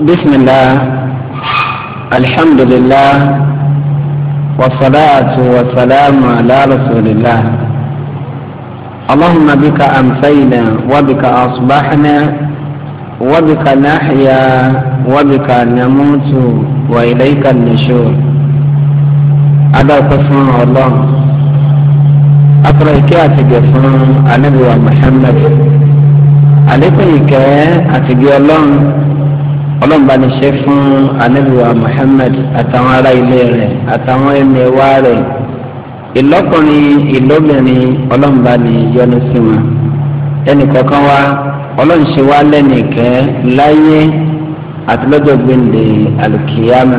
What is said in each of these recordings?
بسم الله الحمد لله والصلاة والسلام على رسول الله اللهم بك أمسينا وبك أصبحنا وبك نحيا وبك نموت وإليك النشور هذا قسم الله أقرأ كاتب النبي محمد عليكم كاتب الله ọlọ́mba ni ṣe fún anabiwa muhammed àtàwọn ará ilé rẹ̀ àtàwọn ẹni wá rẹ̀ ìlọ́kùnrin ìlóbìnrin ọlọ́mba ni yọ́nú sí wọn ẹnì kọ̀ọ̀kan wa ọlọ́nṣẹ́ wa lẹ́nìkẹ́ láyé àti lọ́jọ́ gbẹ̀ǹde alùkìyàmù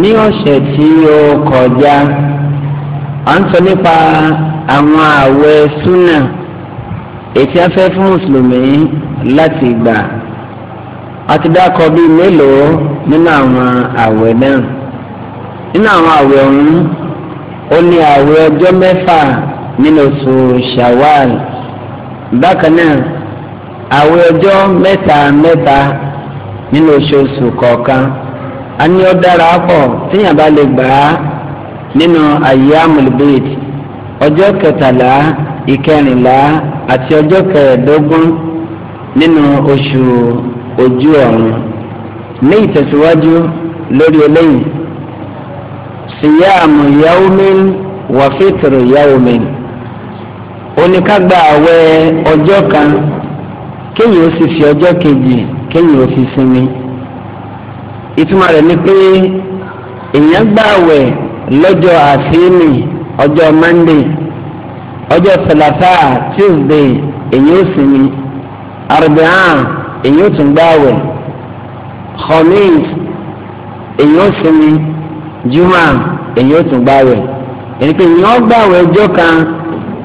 ní ọ̀sẹ̀ tí ó kọjá à ń sọ nípa àwọn àwẹ̀ súnà ètí afẹ́ fún mùsùlùmí láti gbà. àti dákọ bi mélòó nínú àwọn àwẹ̀ náà nínú àwọn àwẹ̀ ọ̀hún ó ní àwẹ̀ ọjọ mẹ́fà nínú oṣù Shawwal bákan náà àwẹ̀ ọjọ mẹta mẹta nínú oṣooṣù kọ̀ọ̀kan a ní ó dára pọ̀ tíyàn bá lè gbà á bid kẹtàlá ìkẹrìnlá àti nínú oṣù ojú ọ̀run ní ìtẹ̀síwájú lórí eléyìí síyáàmù yaumin wa fitru yaumin oníkágbà àwẹ̀ ọjọ́ kan kéyìn ó sì fi ọjọ́ kejì kéyìn ó fi sinmi ìtumọ̀ rẹ̀ ni pé èèyàn gbà àwẹ̀ lọ́jọ́ àfihàn ọjọ́ Monday ọjọ́ sàlàfà Tuesday èyí ó sinmi àrùbẹ̀hàn èyí ó tún gbáwẹ̀ khamis èyí ó sinmi juma èyí ó tún gbáwẹ̀ èyí pé èyí ó gbáwẹ̀ ọjọ́ kan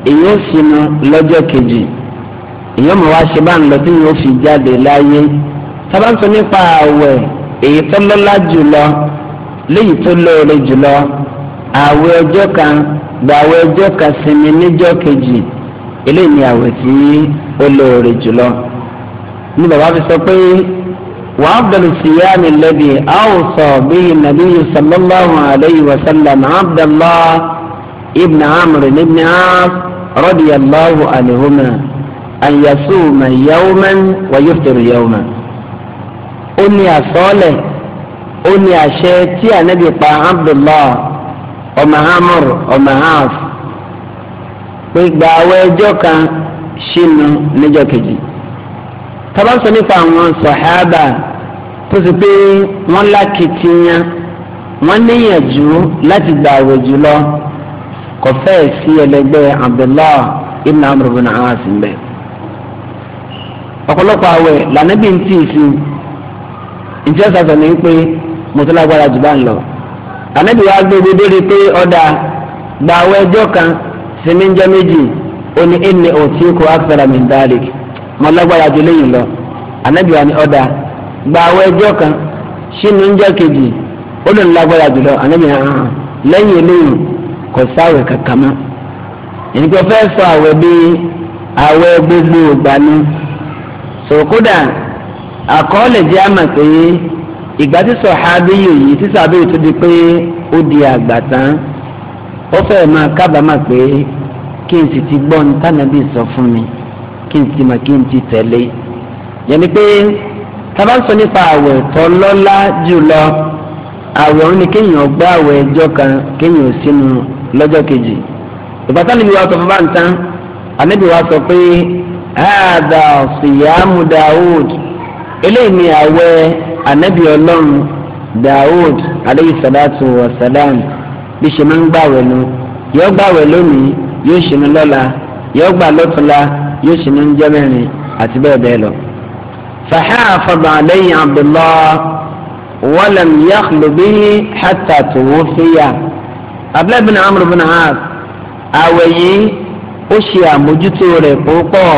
èyí ó sinmi lọ́jọ́ kejì èyí ó mọ̀ wá ṣe bá ń lọ tí yóò fi jáde láyé sábà nípa àwẹ̀ èyí tó lọ́lá jùlọ léyìí tó lóore jùlọ àwẹ̀ ọjọ́ kan gbàwẹ̀ ọjọ́ kan sinmi níjọ́ kejì eléyìí ni àwẹ̀ tí ó lóore jùlọ ni bàbá fi sọ pé wàá bẹ̀rù síyáàmì lẹ́bi àwòsọ bíi nàbí sallallahu alayhi wa sallam abdallah ibn amr ibn as radiyallahu anihuma an yasuma yawman wa yuftiru yawman. ó ní àsọ́ọ̀lẹ̀ ó ní àṣẹ tí ànábì pa abdullah ọmọ hamur ọmọ haf pé gbààwẹ̀ ọjọ́ kan ṣínú níjọ́ kejì tọ́ba ń sọ nípa àwọn sàhábà tó ti pé wọ́n lákìtìyàn wọ́n níyànjú láti gbà àwẹ̀ jùlọ kò fẹ́ẹ̀ sí ẹlẹgbẹ́ Abdullah ibn Amr ibn As ń bẹ̀. ọ̀pọ̀lọpọ̀ àwẹ̀ lànàbí ń tì í sí ìjẹ́ sàtọ̀ ní pé mo tó lágbára jù bá ń lọ. lànàbí wàá gbé gbé dérí pé ọ̀dà gbà àwẹ̀ ẹjọ́ kan sinmi ń méjì ó ní ẹni òtí kò á fẹ́ra mi dáríkì. mo lágbára ju lọ anabi wa ni gba awọ ẹjọ kan sínú ń kejì ó lè lágbára lọ anabi hàn án lẹ́yìn kò sáwẹ̀ kankan sọ bíi gbogbo ògbà ni sòkódà àkọọ́lẹ̀ àmà pé ìgbà tí tí tó di pé ó di àgbà tán ó máa kábàámà pé kí n sì ti gbọ́ ní tànàbí sọ fún mi. kí n ti mà kí n ti tẹ̀lé yẹnni pé tábà sọ nípa àwẹ̀ tó lọ́lá jùlọ àwẹ̀ òun ni kéèyàn gbá àwẹ̀ ẹjọ́ kan kéèyàn ò sínú lọ́jọ́ kejì ìbátan níbi wa sọ fún báńtán ànábì wa sọ pé àdà síyàmù Dawud eléyìí ni àwẹ̀ ànábì ọlọ́run Dawud aleyhi salatu wa salam bí ṣe máa ń gbàwẹ̀ nu yóò gbàwẹ̀ lónìí yóò ṣe ní lọ́la yóò gbà lọ́túnla yóò ṣe ní jẹ́ mẹ́rin àti bẹ́ẹ̀ bẹ́ẹ̀ lọ. فحافظ عليه عبد الله ولم يخل به حتى توفي abúlé bin amr bin as àwẹ̀ yìí ó ṣe àmójútó rẹ̀ púpọ̀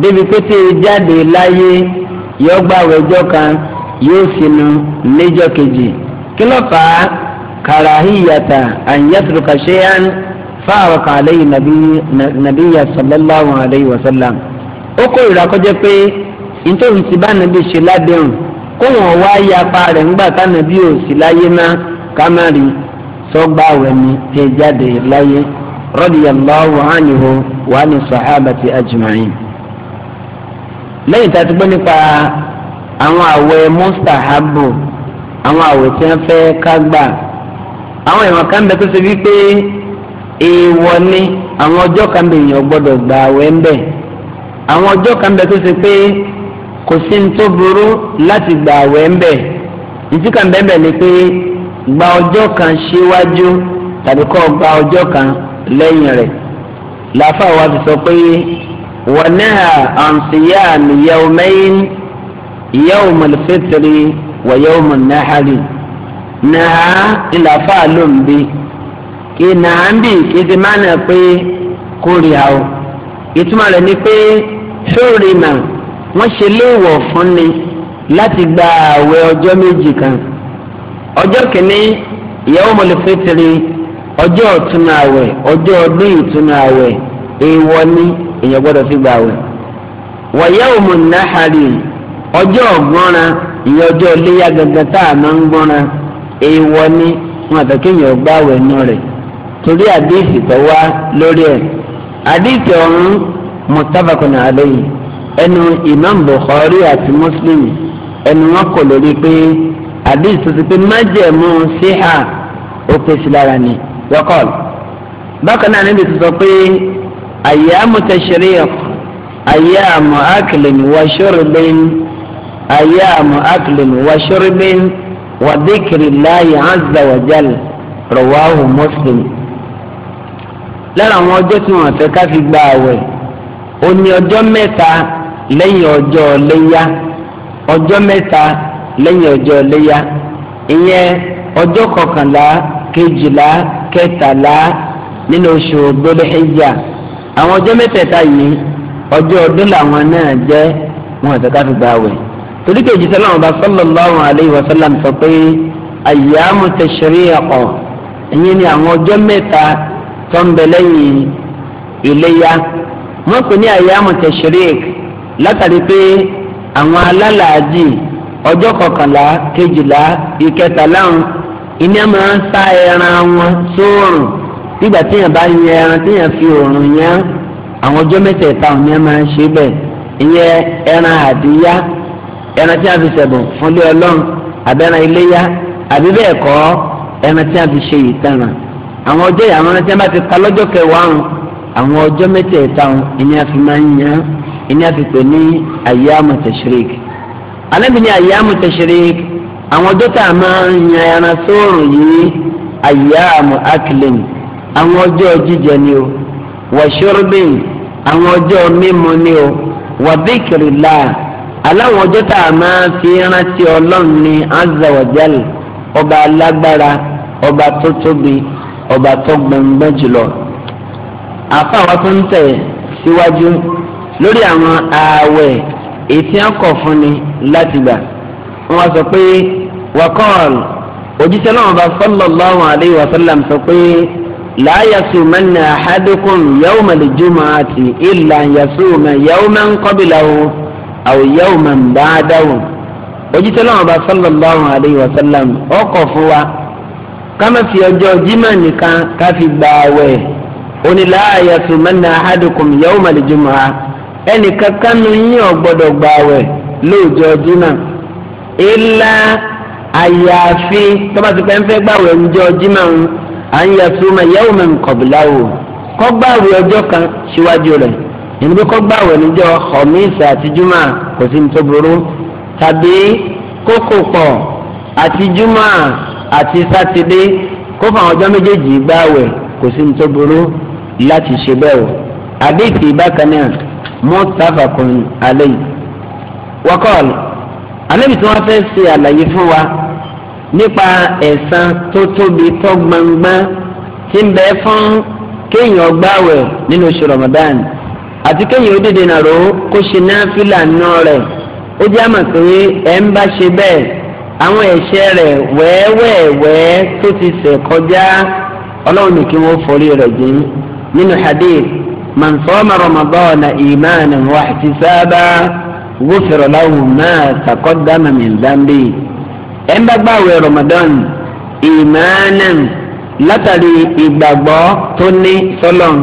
débi pété jáde láyé yóò gbààwẹ̀ ọjọ́ kan yóò sinú níjọ́ kejì kí ló fà á kàràhíyàtà an yatruka shay'an. fáwọn àlẹ́yìn nàbíyà sallallahu alayhi wa o ó kó ìrakọ́jẹ́ pé ti bá nàbí ṣe ládéhùn kó wọn wá yapa rẹ̀ ńgbà tánàbí ò sí láyé má kámárì sọgbà wẹ̀mí tẹ radiyallahu anhu wa sahabati ajma'in. lẹ́yìn tá a ti gbọ́ nípa àwọn àwẹ̀ mustahabu àwọn èèwọ̀ ni àwọn ọjọ́ kan bẹ èèyàn gbọ́dọ̀ gbà àwẹ̀ ń bẹ àwọn ọjọ́ kan bẹ tó ṣe pé kò sí ní tó burú láti gbà àwẹ̀ ń bẹ kan bẹ́ẹ̀ bẹ́ẹ̀ ni pé gba ọjọ́ kan síwájú tàbí kọ́ gba ọjọ́ kan lẹ́yìn rẹ̀ làáfàá wa ti sọ pé wọ́n ìnà àǹbì kì í ti máa nà pé kórìíra o ìtumọ̀ rẹ̀ ni pé sóòrè mà wọ́n ṣe léèwọ̀ fún ni láti gba àwẹ̀ ọjọ́ méjì kan ọjọ́ kìíní ìyàwó mọ̀lẹ́fẹ́tìrì ọjọ́ ọ̀túnú àwẹ̀ ọjọ́ ọdún ìtúnú àwẹ̀ èèwọ̀ ni èèyàn gbọ́dọ̀ fi gba àwẹ̀ wọ̀yẹ́ òmùnáhàrì ọjọ́ ọ̀gbọ́nran ìyẹn ọjọ́ iléyà ya tá a èèwọ̀ ni wọn torí àdéhìí tó wá lórí ẹ̀ àdéhìí ọ̀hún muttafaqun alayhi ẹnu imam bukhari àti muslim ẹnu wọn kò lórí pé àdéhìí tó ti pé májẹ̀mú síhà ó pèsè lára ni wọ́kọ̀l bákan náà níbi tó sọ pé ayyamu tashriq ayyamu aklin wa shurbin ayyamu aklin wa shurbin wa dhikrillahi azza wa jal rawahu muslim lára àwọn ọjọ́ tí wọ́n fẹ́ ká fi gba àwẹ̀ ó ní ọjọ́ mẹ́ta lẹ́yìn ọjọ́ léyá ọjọ́ mẹ́ta lẹ́yìn ọjọ́ léyá ìyẹn ọjọ́ kọkànlá kejìlá kẹtàlá nínú oṣù Dhul Hijjah àwọn ọjọ́ mẹ́tẹ̀ẹ̀ta yìí ọjọ́ ọdún làwọn náà jẹ́ wọn fẹ́ ká fi gba àwẹ̀ torí kejì sọlá wọn bá sallallahu alayhi wa sallam sọ pé ayyamu tashriq ẹ̀yìn ni àwọn ọjọ́ mẹ́ta. tó ń bẹ lẹ́yìn iléyà wọ́n pè ní àyàmù tẹ̀sírìk látàrí pé àwọn alálàájì ọjọ́ kọkànlá kejìlá ìkẹtàlá iná máa ń sá ẹran wọn sóòrùn nígbà téèyàn bá yan ẹran téèyàn fi òòrùn yan àwọn ọjọ́ mẹ́tẹ̀ẹ̀ta òní ẹ̀ máa ń ṣe bẹ́ẹ̀ ìyẹn ẹran àdíyá ẹran tí a fi àwọn ọjọ́ yìí àwọn ọlọ́sẹ̀ bá ti pa lọ́jọ́ kẹwàá ń àwọn ọjọ́ mẹ́tẹ̀ẹ̀ta ń ẹni àfi máa ń yan ẹni àfi pè ní ayyamu tashrik alẹ́bi ní ayyamu tashrik àwọn ọjọ́ tá a máa ń yan ẹran sóòrùn yìí ayyamu aklin àwọn ọjọ́ jíjẹ ni o wa shurbin àwọn ọjọ́ mímu ni o wa dhikrillah aláwọn ọjọ́ tá a máa fi rántí ọlọ́run ní azza ọba alágbára ọba tó ọba tó gbẹngbẹ́ jùlọ àfa wa tó ń tẹ̀ síwájú lórí àwọn ààwẹ̀ ètí akọ̀ fún ni láti gbà wọ́n sọ pé wakọ́ọ̀l òjíṣẹ́ náà bá sallallahu alayhi wa sallam sọ pé la yasumanna ahadukum yawma al-jumu'ati illa yasuma yawman qablahu aw yawman ba'dahu òjíṣẹ́ náà bá sallallahu alayhi wa sallam ọkọ̀ fún wa kama fi ọjọ́ jimá nìkan káfi gba àwẹ̀ onílà àyàfi mẹ́ta àhádùkùn yẹ́wò màlìjùmọ̀ ha ẹnì kankan nu yín ò gbọ́dọ̀ gba àwẹ̀ lóòjọ́ jimá ilà àyàfi tọ́ba ti pẹ́ńpẹ́ gbàwẹ̀ ńjọ́ jimá ń àyàfi yẹ́wò mẹ́ta kọ̀bìláwò kọ́ gbàwẹ̀ ọjọ́ kan síwájú rẹ̀ ìní bí kọ́ gbàwẹ̀ níjọ́ ọ̀míìsì àti jumá kò sí ní tó tàbí kókò àti jumá àti sátidé kó fún ọjọ́ méjèèjì gbáwẹ̀ kò sí ní tó burú láti ṣe bẹ́ẹ̀ o àdéhìí bákan náà muttafaqun alayhi wọ́kọ́ọ̀lù alẹ́bí tí wọ́n fẹ́ ṣe àlàyé fún wa nípa ẹ̀san tó tóbi tó gbangban tí ń bẹ fún kéèyàn gbáwẹ̀ nínú oṣù Ramadan àti kéèyàn ó dìde nàró kó ṣe náà fìlà náà rẹ̀ ó jẹ́ àmọ̀ pé ẹ̀ ń bá ṣe bẹ́ẹ̀ àwọn ẹ̀ṣẹ̀ rẹ̀ wẹ́ẹ́wẹ́ẹ́wẹ́ tó ti ṣẹ̀ kọjá ọlọ́run ní kí wọ́n forí rẹ̀ jìn nínú hadith man sọ́ọ́mà ramadana imanan wa lahu ma taqaddama min dhanbi ẹ̀ ń ramadan imanan látàrí ìgbàgbọ́ tó ní sọ́lọ́n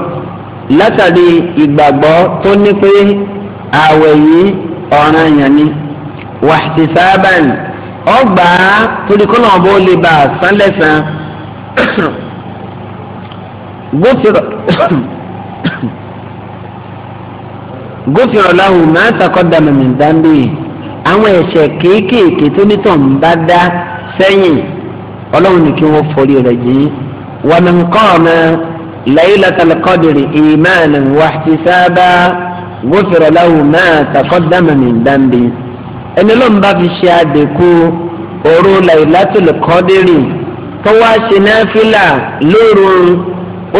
ìgbàgbọ́ tó ní pé yìí ni ọgbà torí kọ́nà ọ̀bọ lè bá a san lẹ́sàn-án gófìrọ̀ láhùn máa takọ́dà mẹ́mí dáńbé àwọn ẹ̀ṣẹ̀ kéékèèké tó nítàn bá dá sẹ́yìn ọlọ́run ní kí wọ́n forí rẹ̀ jì í wà mí kọ́ ọ̀nà laylatal qadri ìmáàlì wàhtisaaba gófìrọ̀ láhùn máa takọ́dà mẹ́mí dáńbé ẹni lọ́n bá fi ṣe àdínkù òru lailatul qadri tó wá ṣe náfìlà lóru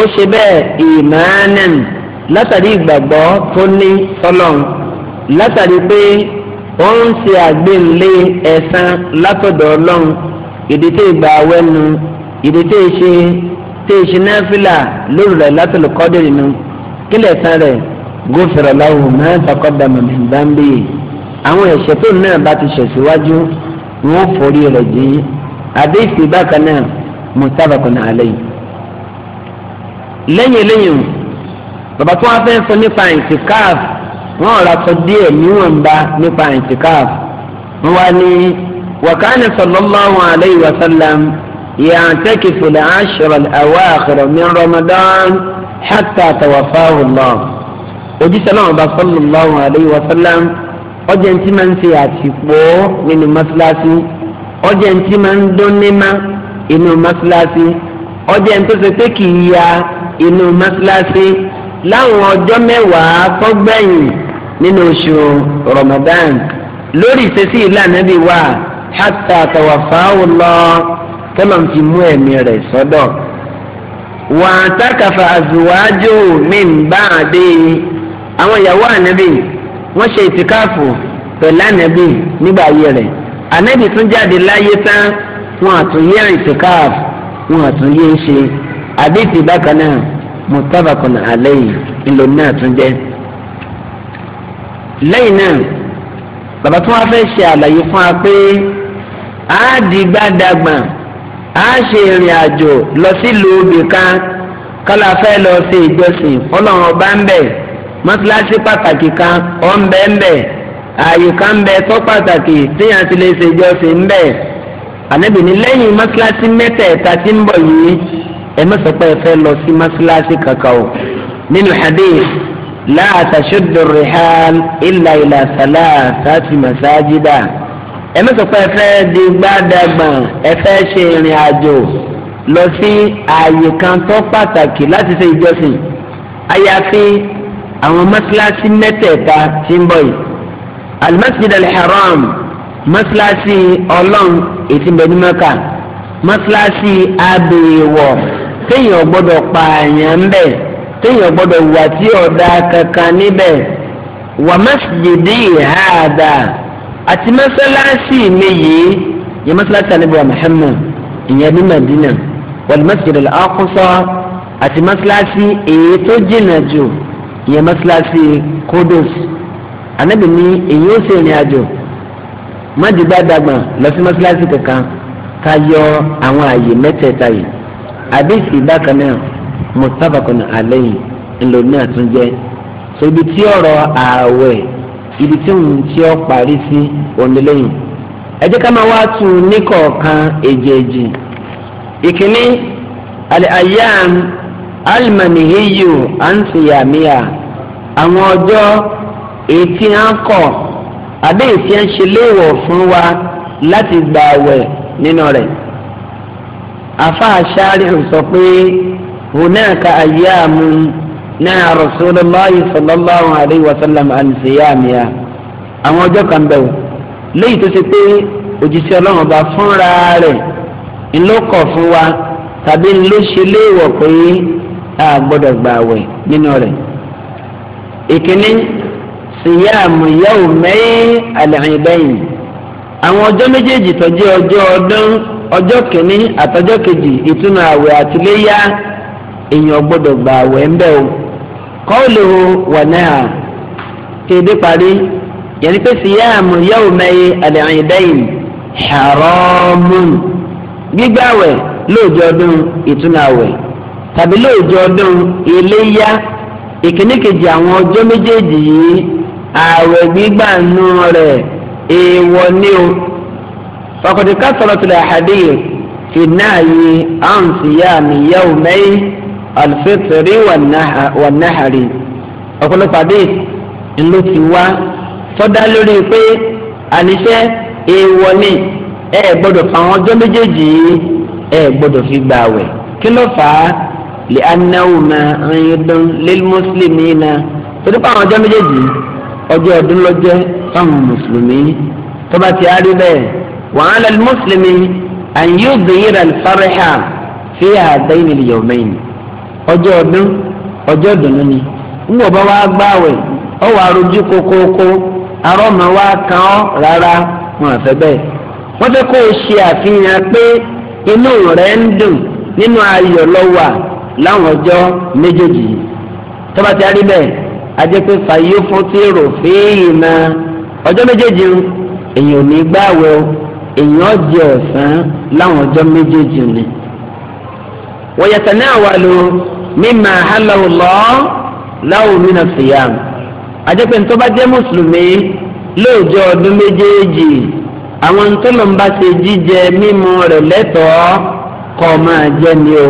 ó ṣe bẹ́ẹ̀ ìmánan látàrí ìgbàgbọ́ tó ní sọ́lọ́n látàrí pé ó ń ṣe àgbéǹlé ẹ̀san látọ̀dọ̀ ọlọ́run ìdí tí ìgbà wẹ́nu ìdí tí ìṣe tí ìṣe náfìlà lóru lailatul qadri nu kílẹ̀ san rẹ̀ ghufira lahu ma taqaddama min dhanbihi àwọn ẹ̀ṣẹ̀ tó náà bá ti ṣẹ̀ síwájú wọn ò forí rẹ̀ jì àdéhìí bákan náà mutabakun alayhi. lẹ́yìn lẹ́yìn bàbá tó wá fẹ́ sọ nípa ìtìkáàf wọn ò ràtọ díẹ̀ níwọ̀nba nípa ìtìkáàf wọn wá ní wàkánì sallallahu alayhi wa sallam ya'takifu al-ashra al-awakhir min ramadan hatta tawaffahu Allah. òjíṣẹ́ náà bá sallallahu alayhi wa sallam ọjà ntí máa ń ṣe àtìpó nínú mọ́sálásí ọjà ntí máa ń dún nímá inú mọ́sálásí ọjà ntí ṣe pé kì í ya inú mọ́sálásí láwọn ọjọ́ mẹ́wàá fọ́gbẹ̀yìn nínú oṣù Ramadan lórí ìṣesí ìlànà bí wà hàtà tàwàfáwò lọ tọ́lọ̀ fi mú ẹ̀mí rẹ̀ sọ́dọ̀ wà á tàkàfà àzùwájú mi bá a dé àwọn ìyàwó ànábì wọ́n ṣe ìtìkáàfù pẹ̀lú ànábì nígbà ayé rẹ̀ ànábì tún jáde láyé tán wọn àtúnyẹ ìtìkáàfù wọn àtúnyẹ ṣe àdéhìí bákan náà mutabakun alayhi ńlò náà tún jẹ́. lẹ́yìn náà bàbá tí wọ́n fẹ́ ṣe àlàyé fún wa pé a di gbàdàgbà a ṣe ìrìn àjò lọ sílùú ibìkan kálá fẹ́ lọ sí ìjọsìn fọlọ́run ọba ń bẹ̀ mọ́sálásí pàtàkì kan ọ̀nbẹ́ńbẹ́ ààyè kan ń bẹ tó pàtàkì téèyàn ti lè ṣe ìjọsìn ń bẹ ànábì ní lẹ́yìn mọ́sálásí mẹ́tẹ̀ẹ̀ta tí ń bọ̀ yìí ẹ mẹ́sàn pé ẹ fẹ́ lọ sí mọ́sálásí kankan o nínú hadith la tashuddu rihal illa ila salasati masajida ẹ mẹ́sàn pé ẹ fẹ́ di gbádàgbọ̀n ẹ fẹ́ ṣe ìrìn àjò lọ sí ààyè kan tó pàtàkì láti ṣe ìjọsìn àyàfi àwọn mọ́sálásí mẹ́tẹ̀ẹ̀ta ti ń bọ̀ yìí al-Masjid al-Haram mọ́sálásí ọlọ́run ètí bẹ̀ ní Mẹ́kà mọ́sálásí abèèwọ̀ téèyàn gbọ́dọ̀ pààyàn ńbẹ̀ téèyàn gbọ́dọ̀ wà tí ọ̀dà kankan níbẹ̀ wà masjidi hàdà àti mọ́sálásí mi yẹ mọ́sálásí àníbọ̀ Muhammad ìyẹn ní Madina wal Masjid al-Aqsa àti mọ́sálásí èyí tó jìnnà jù ìyẹn mọ́sálásí kodos anabi ní èyí ó ṣe ìrìn àjò májègbà dàgbọ̀n lọ sí mọ́sálásí kankan ká yọ àwọn àyè mẹ́tẹ̀ẹ̀ta yìí àdéhìí bákan náà mustafakun alayhi ńlọrin náà tún jẹ́ so ibi tí ọ̀rọ̀ ààwẹ̀ ibi tí òun tí ó parí sí onílẹ̀yìn ẹ jẹ́ ká máa wá tu níkọ̀ọ̀kan èjèèjì ìkíní al-ayyam al àwọn ọjọ́ ètí à ń kọ̀ àbí ètí à ń ṣe léèwọ̀ fún wa láti gba àwẹ̀ nínú rẹ̀. afa aṣááríhùn sọ pé hunaka ayyamu náà rasulullahi sallallahu alayhi wa sallam an siyamiya àwọn ọjọ́ kan bẹ̀ wò léyìí tó ṣe pé òjíṣẹ́ ọlọ́run ọba fúnra rẹ̀ ńlọ́kọ̀ fún wa tàbí ńlọ́ṣẹ́ léèwọ̀ pé a gbọ́dọ̀ gba àwẹ̀ nínú rẹ̀. ìkíní síyáàmù yóò mẹ́ẹ́ àlẹ́hìnbẹ́yìn àwọn ọjọ́ méjèèjì tó jẹ́ ọjọ́ ọdún ọjọ́ kìíní àtọjọ́ kejì ìtúnu àwẹ̀ àtìléyà èèyàn gbọ́dọ̀ gba àwẹ̀ ń bẹ̀ o kọ́ọ̀lù wà náà kéde parí yẹnni pé síyáàmù yóò mẹ́ẹ́ àlẹ́hìnbẹ́yìn haramun gbígbà àwẹ̀ lóòjọ́ ọdún ìtúnu àwẹ̀ tàbí lóòjọ́ ọdún ya. ìkíníkejì àwọn ọjọ́ méjèèjì yìí ààwẹ̀ gbígbà nù rẹ̀ èèwọ̀ ni o faqad kasratul ahadith fi nahyi an siyami yawmay al-fitri wan-nahari ọ̀pọ̀lọpọ̀ àdé ńlọ ti wá tọ́dá lórí pé àníṣe èèwọ̀ ni ẹ gbọ́dọ̀ fà àwọn ọjọ́ méjèèjì yìí ẹ gbọ́dọ̀ fi gbààwẹ̀ kí ló fà á lè anáwùmá ayédán lélmùsùlùmí náà torí pé àwọn ọjọ́ méjèèjì ọjọ́ ọdún lọ́jọ́ fáwọn mùsùlùmí tó bá ti á rí bẹ́ẹ̀ wàá lọ mùsùlùmí àyè òbíyìrà fárẹ́hà fi àdáyìn ìyọ̀mẹ́yìn ọjọ́ ọdún ọjọ́ ìdùnnú ni ńgbọ̀n bá wàá gbáwẹ̀ ọ wàá rojú kókóókó arọ́mọ wàá kàn ọ́ rárá wọn àfẹ́ bẹ́ẹ̀ wọ́n fẹ́ kó o ṣe àfihàn pé inú rẹ̀ ń dùn nínú ayọ̀ lọ́wọ́ à láwọn ọjọ́ méjèèjì yìí tọ́ba ti arí bẹ́ẹ̀ ajẹ́ pé fàyè fún tí rò fíìyì na ọjọ́ méjèèjì èèyàn ò ní gbààwẹ̀ o èèyàn jẹ ọ̀sán láwọn ọjọ́ méjèèjì ni. wọ́n yàtọ̀ náà wà ló mímà hálàlọ́ láwùn mí náà fìyà ajẹ́ pé tọ́ba jẹ́ mùsùlùmí lóòjọ́ ọdún méjèèjì àwọn tó lọ́nba ṣe jíjẹ mímu rẹ̀ lẹ́tọ̀ọ́ kọ́ máa jẹ́ ni o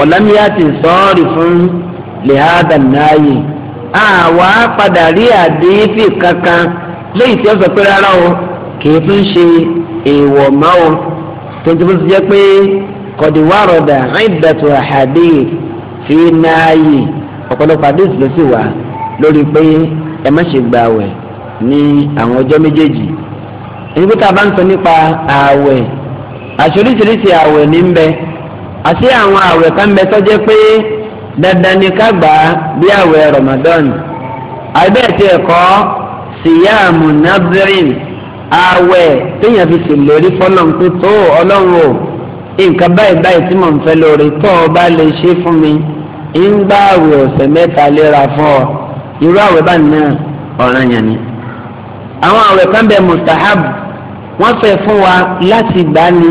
wọ̀lámíyàtì sọ́ọ̀rì fún lèhádà náàyè àwa padà rí àdéhìfì kankan léyìí tí ó sọ pé rárá o kì í tún ṣe èèwọ̀ mọ́ o tuntun bó ti jẹ́ pé kọ̀díwárọ̀dà ìdàtò àhàdé fi náàyè ọ̀pọ̀lọpọ̀ àdéhìfì ló sì wà lórí pé ẹ má ṣe gba àwẹ̀ ní àwọn ọjọ́ méjèèjì ẹni pé tá a bá ń sọ nípa ààwẹ̀ àṣoríṣiríṣi ààwẹ̀ ní ń bẹ́ẹ̀ àti àwọn àwẹ̀ kan bẹ tọ́jẹ́ pé dandan ni ká gbà á bí àwẹ̀ Ramadan àbẹ́ẹ̀tì ẹ̀kọ́ síyáàmù nazirin àwẹ̀ téèyàn fi sì lórí fọlọ́n tó tó ọlọ́run o nǹkan báyìí báyìí tí mò ń fẹ́ lórí tó o bá lè ṣe fún mi ń gbà àwẹ̀ ọ̀sẹ̀ mẹ́ta léra fún ọ irú àwẹ̀ bá nìyẹn ọ̀ràn yẹn ni. àwọn àwẹ̀ kan bẹ mustahab wọ́n fẹ́ fún wa láti gbà ni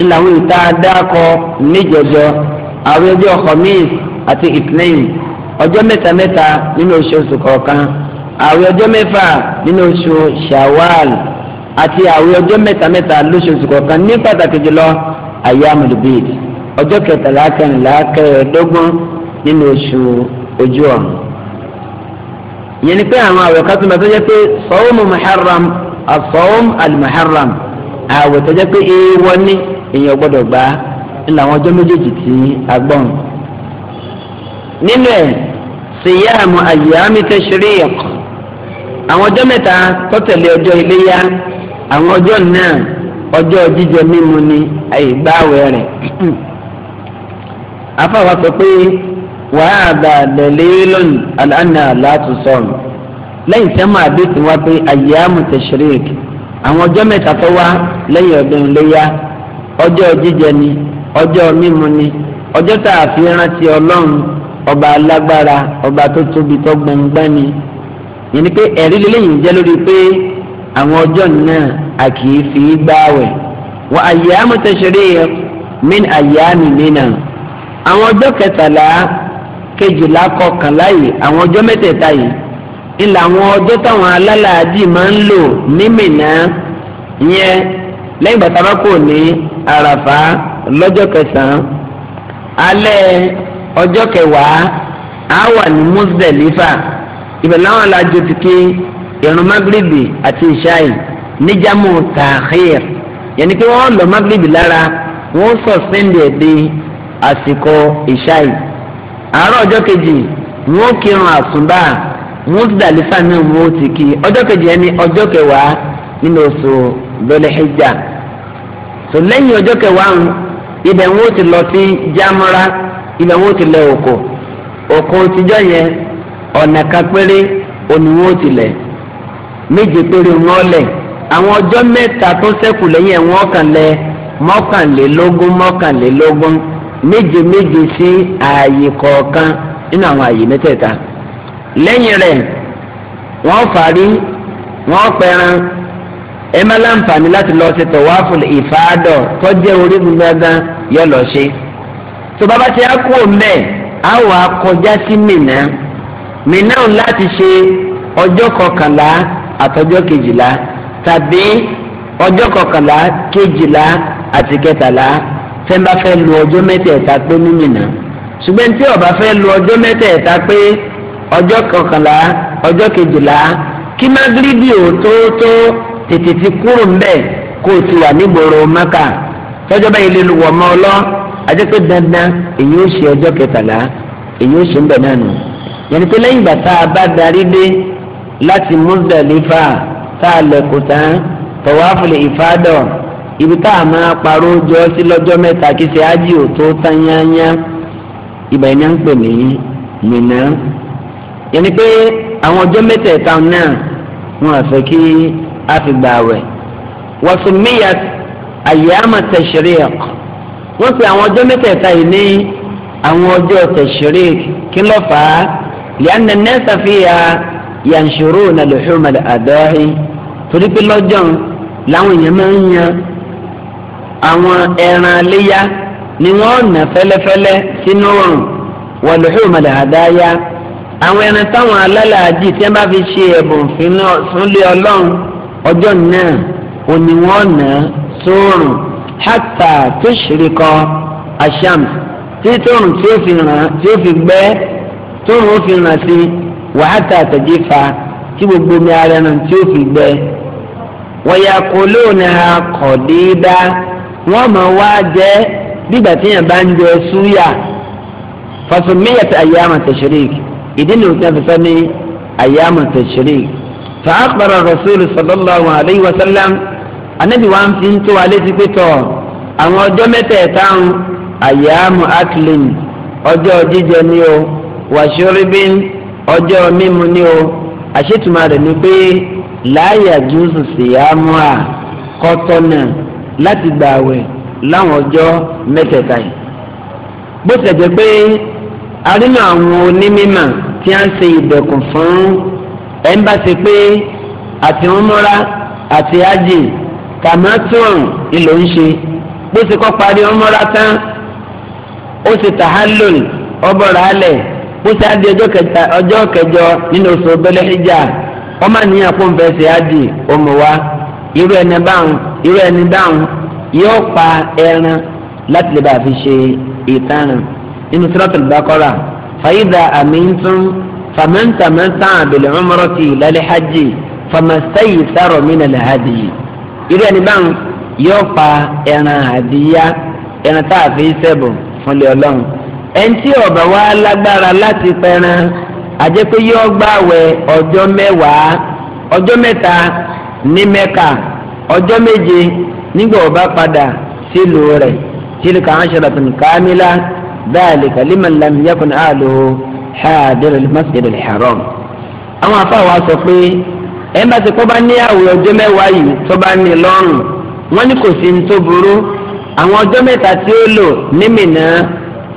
ìlànà ìta dákọ níjẹjọ àwọn ẹjọ́ khamis àti itnain ọjọ́ mẹ́ta mẹ́ta nínú oṣù oṣù kọ̀ọ̀kan àwọn ọjọ́ mẹ́fà nínú oṣù shawal àti àwọn ọjọ́ mẹ́ta mẹ́ta lóṣooṣù kọ̀ọ̀kan ní pàtàkì jùlọ ayyamul bid ọjọ́ kẹtàlá kẹrìnlá kẹrẹ̀ẹ́dógún nínú oṣù ojú ọ̀run. ìyẹn ni pé àwọn àwẹ̀ kan tó tó jẹ́ pé sawmu muharram as-sawm al-muharram àwẹ̀ pé èèwọ̀ ni èèyàn gbọ́dọ̀ gbà á ní àwọn ọjọ́ méjèèjì tí a gbọ́n. nínú ẹ̀ síyáàmù àyàmì tashriq àwọn ọjọ́ mẹ́ta tó tẹ̀lé ọjọ́ iléyá àwọn ọjọ́ náà ọjọ́ jíjẹ mímu ni àìgbáwẹ̀ rẹ̀. afáwa sọ pé wàá bá dalilun ala anna la tusam lẹ́yìn tí a máa bí tiwa pé àyàmù tashriq àwọn ọjọ́ mẹ́ta tó wá lẹ́yìn ọdún iléyá ọjọ́ jíjẹ ni ọjọ́ mímu ni ọjọ́ tá a fi rántí ọlọ́run ọba alágbára ọba tó tóbi tó gbọ̀ngbọ́n ni yẹn ni pé ẹ̀rí lélẹ́yìn jẹ́ lórí pé àwọn ọjọ́ náà a kì í fi gbáwẹ̀ wa ayyamu tashriq min ayyami mina àwọn ọjọ́ kẹtàlá kejìlá kọkànlá yìí àwọn ọjọ́ mẹ́tẹ̀ẹ̀ta yìí ńlá àwọn ọjọ́ táwọn alálàájì máa ń lò ní Mínà yẹn lẹ́yìn bàtà bá kò ní àràfà lọ́jọ́ kẹsàn-án alẹ́ ọjọ́ kẹwàá á wà ní Muzdalifa ibẹ̀ láwọn alájọ ti ké ìrun magrebi àti ìṣáì níjàmù tààkìr yẹnni pé wọ́n lọ magrebi lára wọ́n sọ sẹ́ndì ẹ̀dẹ́ àsìkò ìṣáì àárọ̀ ọjọ́ kejì wọ́n kírun àsùnbà Muzdalifa náà wọ́n ti kí ọjọ́ kejì ẹni ọjọ́ kẹwàá nínú oṣù Dhul tò lẹ́yìn ọjọ́ kẹwàá ń ibẹ̀ wọn ti lọ sí jámúra ibẹ̀ wọn ti lẹ òkò òkò yẹn ọ̀nà kan péré òní wọn ti méje péré lẹ̀ àwọn ọjọ́ mẹ́ta tó sẹ́kù lẹ́yìn ẹ̀ wọ́n mọ́kànlélógún méje méje sí ààyè kọ̀ọ̀kan nínú àwọn ààyè mẹ́tẹ̀ẹ̀ta lẹ́yìn rẹ̀ wọ́n fàárí wọ́n pẹran ẹ má láǹfààní láti lọ ṣe tọ̀wáfù ìfàádọ̀ tó jẹ́ orígun dandan yọ lọ ṣe. tó bá bá ṣe á kú òmẹ́ á wà á kọjá sí Mínà Mínà ò láti ṣe ọjọ́ kọkànlá àtọjọ́ kejìlá tàbí ọjọ́ kọkànlá kejìlá àti kẹtàlá fẹ́ bá fẹ́ lu ọjọ́ mẹ́tẹ̀ẹ̀ta pé ní Mínà ṣùgbọ́n tí ó fẹ́ lu ọjọ́ mẹ́tẹ̀ẹ̀ta pé ọjọ́ kọkànlá ọjọ́ kejìlá kí magribi tó tó tètè ti kúrò ń bẹ̀ kó o ti wà nígboro mẹ́kà tọ́jọ́ báyìí lè lu wọ̀mọ́ ọlọ́ àti pé dandan èyí ó ṣe ọjọ́ kẹtàlá èyí ó ṣe ń bẹ̀ náà nù yẹn pé lẹ́yìn ìgbà tá a bá darí dé láti Muzdalifa tá a lẹ̀kùn tán tọ̀wáfùlẹ̀ ìfádọ̀ ibi tá a máa parọ́ jọ sí lọ́jọ́ mẹ́ta kí ṣe ájì ò tó tán yányá ibà yẹn ń pè ní Mínà yẹn ni pé àwọn ọjọ́ mẹ́tẹ̀ẹ̀ta náà wọ́n á fẹ́ kí àfìgbàwẹ̀ wọ́n sì míyà àyàmà tashriq wọ́n pe àwọn ọjọ́ mẹ́tẹ̀ẹ̀ta yìí ní àwọn ọjọ́ tashriq kí ló fà á lẹ́yìn nẹ́ẹ̀sà fi ya yanshuruna luhum al-adahi torí pé lọ́jọ́ làwọn èèyàn máa ń yan àwọn ẹran léyà ni wọ́n nà fẹ́lẹ́fẹ́lẹ́ sínú ọ̀run wa luhum al àwọn ẹran táwọn alálàájì tí wọ́n bá fi ṣe ẹ̀bùn fún lé ọlọ́run ọjọ́ náà òní wọ́n nà sóòrùn hátà tó ṣèríkọ àṣàm tí tóòrùn tí ó fi ràn tí ó fi gbẹ tóòrùn ó fi ràn sí wàhátà tàjífà tí gbogbo omi ara náà tí ó fi gbẹ wọ́yà kò lóòní ha kọ̀ déédá wọ́n máa wá jẹ́ bígbà tí yẹn bá ń jẹ súyà fasomiyat ayyamat tashrik ìdí nìkan fi sọ ní ayyamat tashrik fàákpàrà rasúlù sallallahu alayhi wa sallam anabi wa fi ń tó wa létí pé tọ̀ àwọn ọjọ́ mẹ́tẹ̀ẹ̀ta ń àyàmù aklin ọjọ́ jíjẹ ni o wàṣúrìbìn ọjọ́ mímu ni o àṣetùmọ̀ rẹ̀ ni pé láyà jùsù síyàmù à kọ́tọ́ náà láti gbà àwẹ̀ láwọn ọjọ́ mẹ́tẹ̀ẹ̀ta yìí bó tẹ̀jẹ̀ pé arínú àwọn onímọ̀ tí a ń ṣe ìbẹ̀kùn fún ẹ̀ ń bá ṣe pé àti umura àti ájì tàmátùn ìlò ń ṣe bó ṣe kọ́ parí umura tán ó ṣe tahallul ọbọ̀rọ̀ alẹ̀ bó ṣe á di ọjọ́ kẹjọ nínú oṣù bẹ́lẹ̀ ìjà ọmọ àníyàn kó ń fẹ́ ṣe ájì irú ẹni báwọn irú ẹni báwọn yóò pa ẹran láti lè bá fi ṣe ìtanràn nínú Suratul Baqara fàyídà àmì ń tún. فمن تمتع بالعمرة إلى الحج فما استيسر من الهدي إذا نبان يوفى أنا هدية أنا تعفي سبو فلي الله ẹnití ọba wa lágbára láti pẹran àjẹ pé yóò gbààwẹ̀ ọjọ́ mẹ́wàá ọjọ́ mẹ́ta ní Mẹ́kà ọjọ́ méje nígbà ọba padà sílùú rẹ̀ tílùkà ń ṣe ràtúnkà mílá dáàlì kàlímà lam yakun àlùhó haadir masjid al-haram àwọn afáwa sọ pé ẹ bá ti kọ́ bá ní àwẹ̀ ọjọ́ mẹ́wàá yìí tó bá ní lọ́rùn wọ́n ní kò sí ní tó burú àwọn ọjọ́ mẹ́ta tí ó lò ní Mínà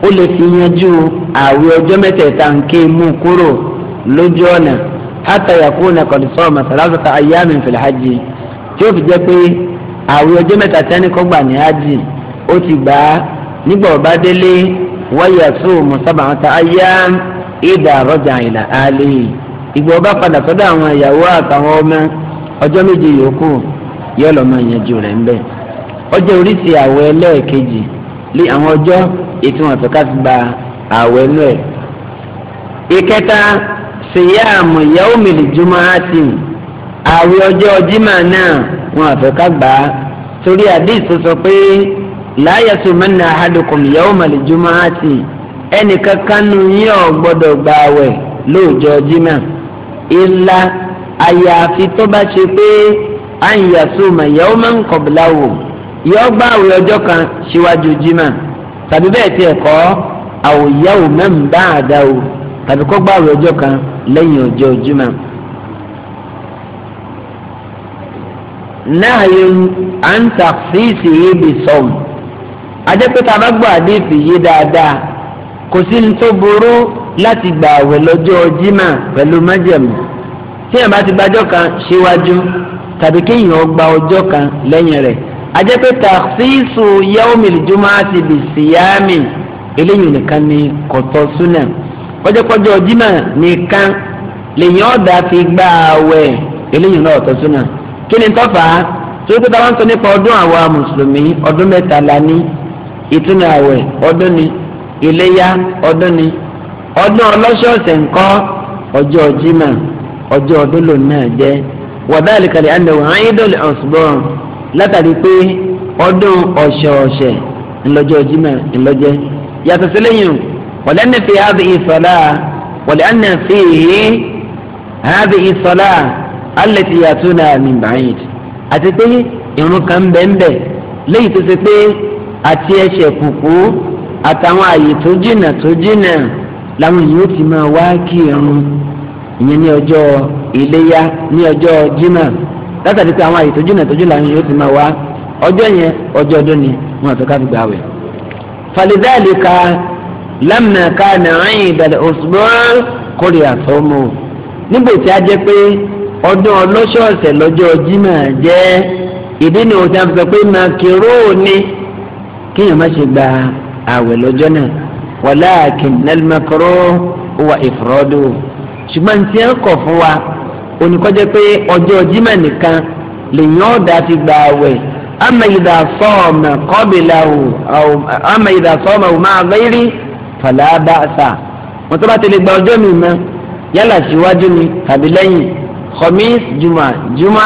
ó lè fi yanjú àwẹ̀ ọjọ́ mẹ́tẹ̀ẹ̀ta nké mú kúrò lójú ọ̀nà hatta yakuna qad sama salasata ayyamin fil tí ó fi jẹ́ pé àwẹ̀ ọjọ́ mẹ́ta tí ẹnì kan gbà ní hajj ó ti gbà á nígbà ó délé wáyà sóòmù sábà wọn ta ayyam ìdá àrọ́jà ìlà àlè ìgbà ọba padà sọ́dọ̀ àwọn ìyàwó àtàwọn ọmọ ọjọ́ méje yòókù yóò lọ máa rẹ rẹ̀ ńbẹ̀ ọjọ́ oríṣi àwọ̀ ẹlẹ́ẹ̀kejì lé àwọn ọjọ ètò àtọ́ká ti gba àwọ̀ ẹnu ẹ̀ ìkẹta sèyáàmù yaumil jumu'ati àwẹ̀ ọjọ́ jimá náà wọn gbà á torí àdéhùn sọ pé ẹnìkankan nu yín ò gbọ́dọ̀ gba àwẹ̀ lóòjọ́ jimá ìlà àyàfi tó bá ṣe pé àyàsùmà yàwó máa ń kọ̀bìláwò yóò gba àwẹ̀ ọjọ́ kan síwájú jimá tàbí bẹ́ẹ̀ tiẹ̀ kọ́ àwòyáwò mẹ́rin bá àdáwò tàbí kọ́ gba àwẹ̀ ọjọ́ kan lẹ́yìn ọjọ́ jimá. náàyè àǹtà fíìsì yìí bì bá gbọ́ àdéhìí yìí dáadáa. kò sí ní tó burú láti gbà àwẹ̀ lọ́jọ́ jimá pẹ̀lú májẹ̀mú tí yàn bá ti gbàjọ́ kan síwájú tàbí kéèyàn gba ọjọ́ kan lẹ́yìn rẹ̀ ajẹ́pẹ́ takhsisu yaumil jumu'ati bi siyami eléyìí nìkan ni kọ̀tọ́ súnà ọjọ́kọ́jọ́ jimá nìkan lèyìn ọ̀dà fi gbà àwẹ̀ eléyìí náà ọ̀tọ́ súnà kí ni tọ́fà tó kí táwọn sọ nípa ọdún àwa mùsùlùmí ọdún mẹ́ta la ní ìtúnu àwẹ̀ ọdún ni iléyá ọdún ni ọdún ọlọ́ṣọ̀ọ̀sẹ̀ ńkọ́ ọjọ́ jimá ọjọ́ ọdún lòun náà jẹ́ wàdáàlì kàlẹ́ àndẹ̀wò àyíndọ̀lẹ̀ ọ̀ṣùgbọ́n látàrí pé ọdún ọ̀ṣọ̀ọ̀ṣẹ̀ ńlọ́jọ́ jimá ńlọ́jẹ́ yàtọ̀ sílẹ̀yìn wọ̀lẹ́ni fi hábi ìsọ̀lá wọ̀lẹ́ni fi hábi ìsọ̀lá alẹ́tì yàtúnà min ba'id àti pé na kan bẹ́ẹ̀ bẹ́ẹ̀ léyìí tó ṣe pé àti àtàwọn àyè tó jìnnà tó jìnnà làwọn èèyàn ti máa wá kí irun ìyẹn ní ọjọ́ iléyá ní ọjọ́ jìnnà látàrí pé àwọn àyè tó jìnnà tó jìnnà làwọn èèyàn ti máa wá ọjọ́ yẹn ọjọ́ ọdún ni wọn àtọ́ká fi gbà wẹ̀. falidhalika lamma tí a jẹ́ pé ọdún ọlọ́ṣọ̀ọ̀sẹ̀ lọ́jọ́ jimá jẹ́ ìdí ni òun pé màkìrò ni kéèyàn má àwẹ̀ lọ́jọ́ náà walakin al-makruh huwa ifradu ṣùgbọ́n tí ẹ kọ̀ fún wa oníkọ́jẹ́ pé ọjọ́ jimá nìkan lèyìn ọ̀dà ti gba àwẹ̀ ama idha sama qablahu ama idha sama ma'a ghairi fala ba'sa wọn tó bá ti lè gba ọjọ́ mi mọ́ yálà síwájú ni tàbí lẹ́yìn khamis juma juma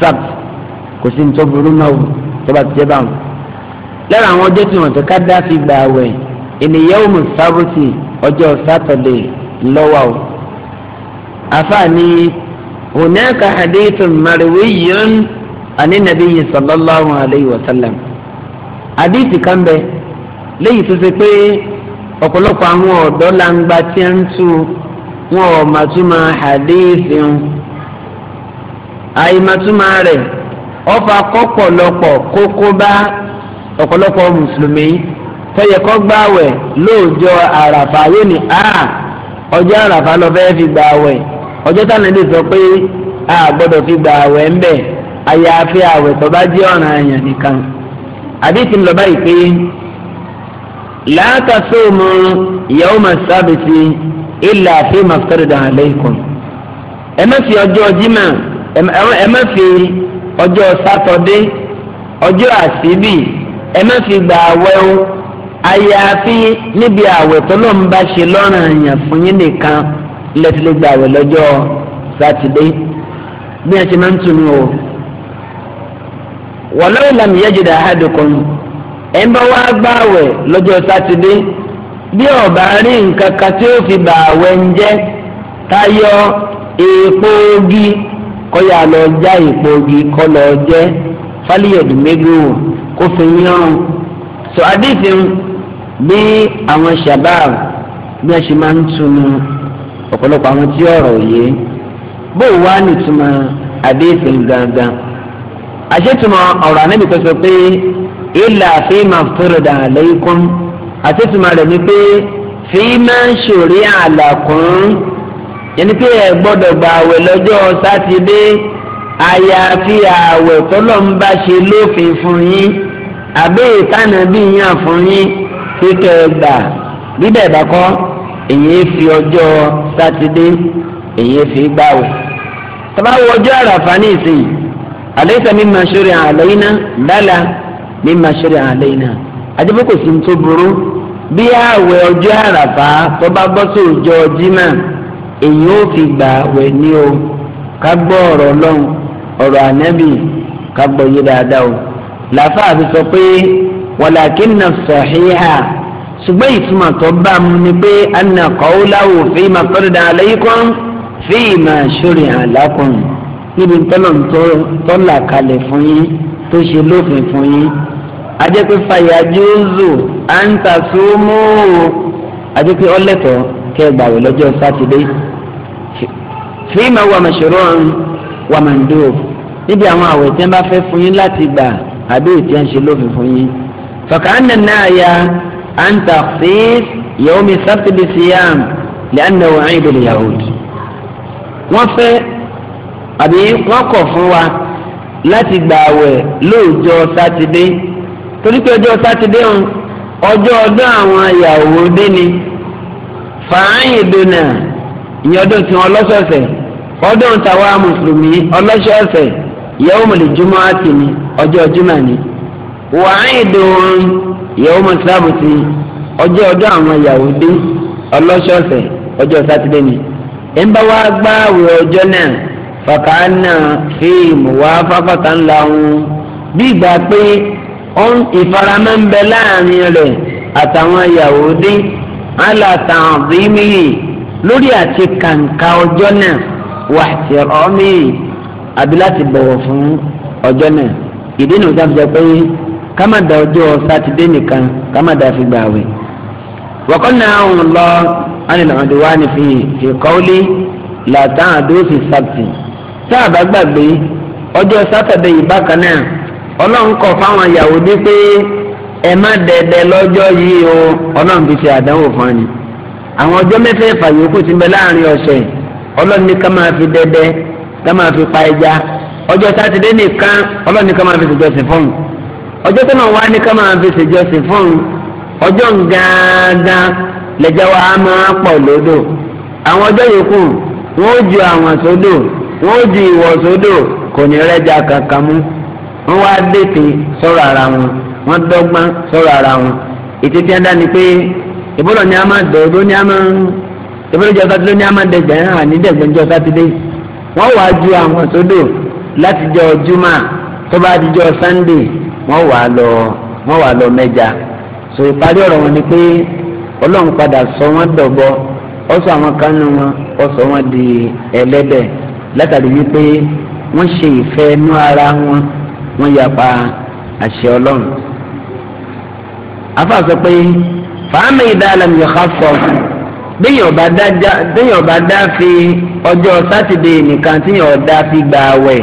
sabt kò sí ní tó burú náà tó bá ti jẹ́ báwọn lára àwọn ọjọ́ tí wọ́n ti ká dá fi gbà wẹ̀ ènìyàn ò mú sábùtì ọjọ́ sátọ̀dẹ̀ lọ́wọ́ o. àfààní hunaka hadithun marwiyyun ani nabiyyi sallallahu alayhi wa sallam. hadithi kan bẹ léyìí tó ṣe pé ọ̀pọ̀lọpọ̀ àwọn ọ̀dọ́ langba tí ń tu wọn ò màtúmọ̀ hadithi ń. àìmàtúmọ̀ rẹ̀ ọ̀fà kọ́pọ̀lọpọ̀ kókó bá. ọ̀pọ̀lọpọ̀ mùsùlùmí tẹ́yẹ kọ́ gbààwẹ̀ lóòjọ́ àràfà yóò a ọjọ́ àràfà lọ fẹ́ fi gbààwẹ̀ ọjọ́ táwọn ẹni sọ pé a gbọ́dọ̀ fi gbààwẹ̀ ń bẹ̀ àyàfi àwẹ̀ tó bá jẹ́ ọ̀ranyàn nìkan àdìsí lọ báyìí pé látàsóòmù yawma sábìtì ilà fi màfẹ́rẹ̀dà alaykum ẹ má fi ọjọ́ jimá ẹ má fi ọjọ́ ẹ má fi gba àwẹ̀ o àyàfi níbi àwẹ̀ tó bá ṣe lọ́rùn àyàn fún yín nìkan lẹ́tìlẹ́ gbà àwẹ̀ lọ́jọ́ sátidé bí ẹ ti máa ń tunu o walaw lam ń bá ọba rí nǹkan kan fi ń jẹ́ èèpo lọ já èèpo ogi lọ jẹ́ kó fi so àdìsí bí àwọn shabab bí wọ́n ṣe máa ń tunu ọ̀pọ̀lọpọ̀ àwọn tí ọ̀rọ̀ yé bó wà nítumọ̀ àdìsí gangan àṣetuma ọ̀rọ̀ ànábì tó sọ pé ilà fi máa fúru dà lẹ́yìnkún àṣetuma rẹ̀ ni pé fi máa ń ṣòrí àlàkùn yẹn ni pé ẹ gbọ́dọ̀ gba àwẹ̀ lọ́jọ́ sátidé àyàfi àwẹ̀ tọ́lọ́mbà ṣe lófin fún yín. àbẹ́yẹ kánàbí yàn fún yín kíkẹ́ gbà bíbẹ̀ bá kọ́ èyí fi ọjọ́ sátidé èyí fi gbaa tọ́ba wo ọjọ́ àràfà ní ìsìn àlẹ́sẹ̀ mi máa ṣeré àlẹ́yìnà bala mi máa ṣeré àlẹ́yìnà àdébókò sì ń tó burú bí ààwẹ̀ ọjọ́ àràfà tọ́ba bọ́ sí fi gbà wẹ̀ ní o ká gbọ́ ọ̀rọ̀ ọlọ́run ọ̀rọ̀ ànábì ká gbọ́ làfáà fi sọ pé wàlàkínà sọ̀híhà ṣùgbọ́n ìtumọ̀ tó bá mu ni pé anna kọ́ọ́láwò fi máa kọ́dọ̀dà aláìkún fi máa ṣòrì àlákùn níbi tọ́lọ̀ tó là kalẹ̀ fún yín tó ṣe lófin fún yín ajẹ́pẹ́ fàyàjúzù àǹtà súnmù ajẹ́pẹ́ ọlẹ́tọ̀ kẹgbàwé lọ́jọ́ sátidé fi máa wà màṣọ́rọ̀ wà màndó níbi àwọn àwẹ̀ tí wọ́n bá fẹ́ fún yín láti gbà àbí ètí à ń ṣe lófin fún yín. fàkànnà náà ya à ń tà sí yawmi sábtì bí síyàm lẹ́nà wọ́n ń bẹ̀rẹ̀ yahood. wọ́n fẹ́ àbí wọ́n kọ̀ fún wa láti gbà àwẹ̀ lóòjọ́ sátidé torí pé ọjọ́ sátidé ọ̀hún ọjọ́ ọdún àwọn yahood ni fàáyìn dùnà ìyẹn ọdún tí wọ́n lọ́sọ̀ọ̀sẹ̀ ọdún tàwa mùsùlùmí ọlọ́sọ̀ọ̀sẹ̀ yawmul jumu'ati ni ọjọ́ jimá ni wàáìdùn yawm sábùtì ọjọ́ ọdún àwọn Yahudi ọlọ́ṣọ̀ọ̀sẹ̀ ọjọ́ sátidé ni ẹnba wa gbààwẹ̀ ọjọ́ náà fàkàánà fíìmù wá fáfàkà ńlá wọn bí ìgbà pé ìfaramọ́ ń bẹ láàrin rẹ̀ àtàwọn Yahudi alàtàn bímìlì lórí àti kàǹkà ọjọ́ náà wà tìrọ́mì àbí láti bọ̀wọ̀ fún ọjọ́ náà ìdí nìyí sábà pé kámàdà ọjọ́ sátidé nìkan kámàdà fi gbà wẹ̀. wọ́kànnà àwọn lọ alìlàmọ̀déwà ní fi ìkọ́lé làtàn àdóòfin sábtì tá a bá gbàgbé ọjọ́ sátidé yìí bákan náà ọlọ́run kọ̀ fáwọn Yahudi pé ẹ má dẹ̀dẹ̀ lọ́jọ́ yìí o ọlọ́run fi ṣe àdánwò fún ni àwọn ọjọ́ mẹ́fẹ̀ẹ̀fà yòókù ti bẹ láàrin ọ̀sẹ̀ ọlọ́run ní ká máa fi dẹ̀dẹ̀ ká máa fi pa ẹja ọjọ́ sátidé nìkan ọlọ́run nìkan máa fi ṣèjọsìn fún un ọjọ́ tó náà wá nìkan máa fi ṣèjọsìn fún un ọjọ́ gángan lẹ́jọ́ wa máa pọ̀ lódò àwọn ọjọ́ yòókù wọ́n ó ju àwọn sódò wọ́n ó ju ìwọ̀ sódò kò ní rẹ́jà kankan mú wọ́n wá dètè sọ̀rọ̀ ara wọn wọ́n dọ́gbọ́n sọ̀rọ̀ ara wọn ètò tí a dá ni pé ìbúrò ni a máa dọ̀ọ́dọ́ ni a máa ìbúrò jọ sátidé ni a máa dẹ̀gbẹ́ hàn ní dẹ̀gbẹ́ jọ sátidé wọ́n wá ju àwọn sódò láti jọ juma tó bá di jọ sunday wọ́n wà lọ wọ́n wà lọ mẹ́ja so ìparí ọ̀rọ̀ wọn ni pé ọlọ́run padà sọ wọ́n dọ̀bọ ó sọ àwọn kan nù wọn ó sọ wọ́n di ẹlẹ́dẹ̀ látàrí wípé wọ́n ṣe ìfẹ́ inú ara wọn wọ́n yapa àṣẹ ọlọ́run. afa sọ pé fàámi ìdáàlà mi kà fọ bíyàn bá dá fi ọjọ́ sátidé nìkan tíyàn ọ̀dá fi gbà wẹ̀.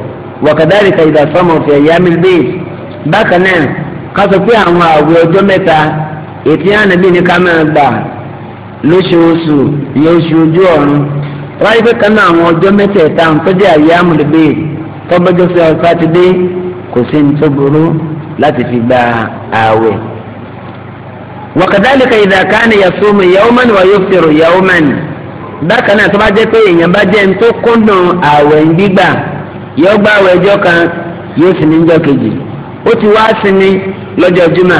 وكذلك إذا صاموا في أيام البيت bákan náà ká sọ pé àwọn àwẹ̀ ọjọ́ mẹ́ta ètí ànábì ní ká máa gbà lóṣooṣù ní oṣù ojú ọ̀run wáyé pé kan náà àwọn ọjọ́ mẹ́tẹ̀ẹ̀ta ń tọ́jú àyè amúlẹ̀bẹ̀ tọ́gbọ́jọ́ sí ọ sátidé kò sí ní tó burú láti fi gba àwẹ̀. وكذلك إذا كان يصوم يوما ويفطر يوما bákan náà tó bá jẹ́ pé èèyàn bá jẹ́ ń tó kúndùn àwẹ̀ ń gbígbà yóò gba àwẹ̀ ọjọ́ kan yóò sì ní ọjọ́ kejì ó ti wá sinmi lọ́jọ́ juma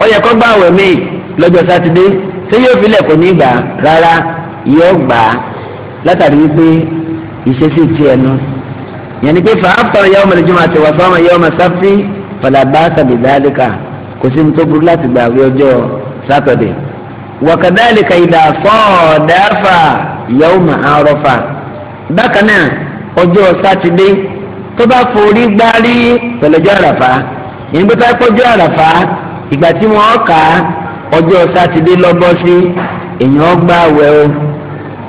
ó yẹ kó gba àwẹ̀ míì lọ́jọ́ sátidé ṣé yóò fi lẹ̀kọ́ ní ìgbà rárá yóò gbà á látàrí wípé ìṣesí ti ẹnu yẹn ni pé fàáfàá yawm al-jumu'ah àti wàfàá yawm as-sabt fala ba'sa bi dhalika kò sí ní tó burú láti gbà àwẹ̀ ọjọ́ sátọ̀dé wàkàdálìkà ìdá fọ́ọ̀dáfà yawm àárọ̀fà bákan náà ọjọ́ sátidé tó bá forí gbárí pẹ̀lẹ́jọ́ àràfà ìyẹn pé táyé pọ́jọ́ àràfà ìgbà tí wọ́n kà á ọjọ́ sátidé lọ́bọ́ sí èèyàn gbà wẹ̀ o.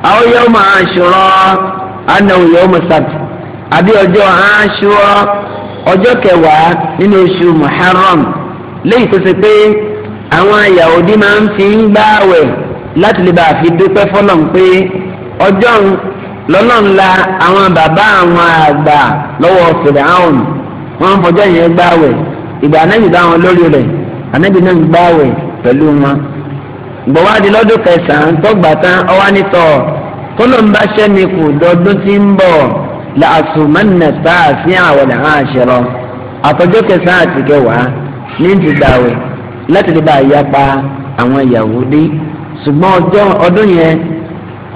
àwọn yóò máa ṣòro anáwó yóò mọ̀ sàtì àbí ọjọ́ aṣúra ọjọ́ kẹwàá nínú oṣù muharram léyìí tó ṣe pé àwọn Yahudi máa ń fi ń gbààwẹ̀ láti lè bá a fi dúpẹ́ fọlọ́n pé ọjọ́ lọ́lọ́run la àwọn bàbá àwọn àgbà lọ́wọ́ fìdáhùn wọn fọjọ́ yẹn gbáwẹ̀ ìgbà anábì bá wọn lórí rẹ̀ anábì náà ń gbáwẹ̀ pẹ̀lú wọn. gbọ̀wádìí lọ́dún kẹsàn-án tọ́gbà tán ọwá nítọ̀ tó ló kù dọ́dún tí ń bọ̀ la àsùnmọ́nà tá àṣẹrọ àtọ́jọ́ kẹsàn-án àti kẹwàá ní ti gbàwẹ̀ láti lè yẹn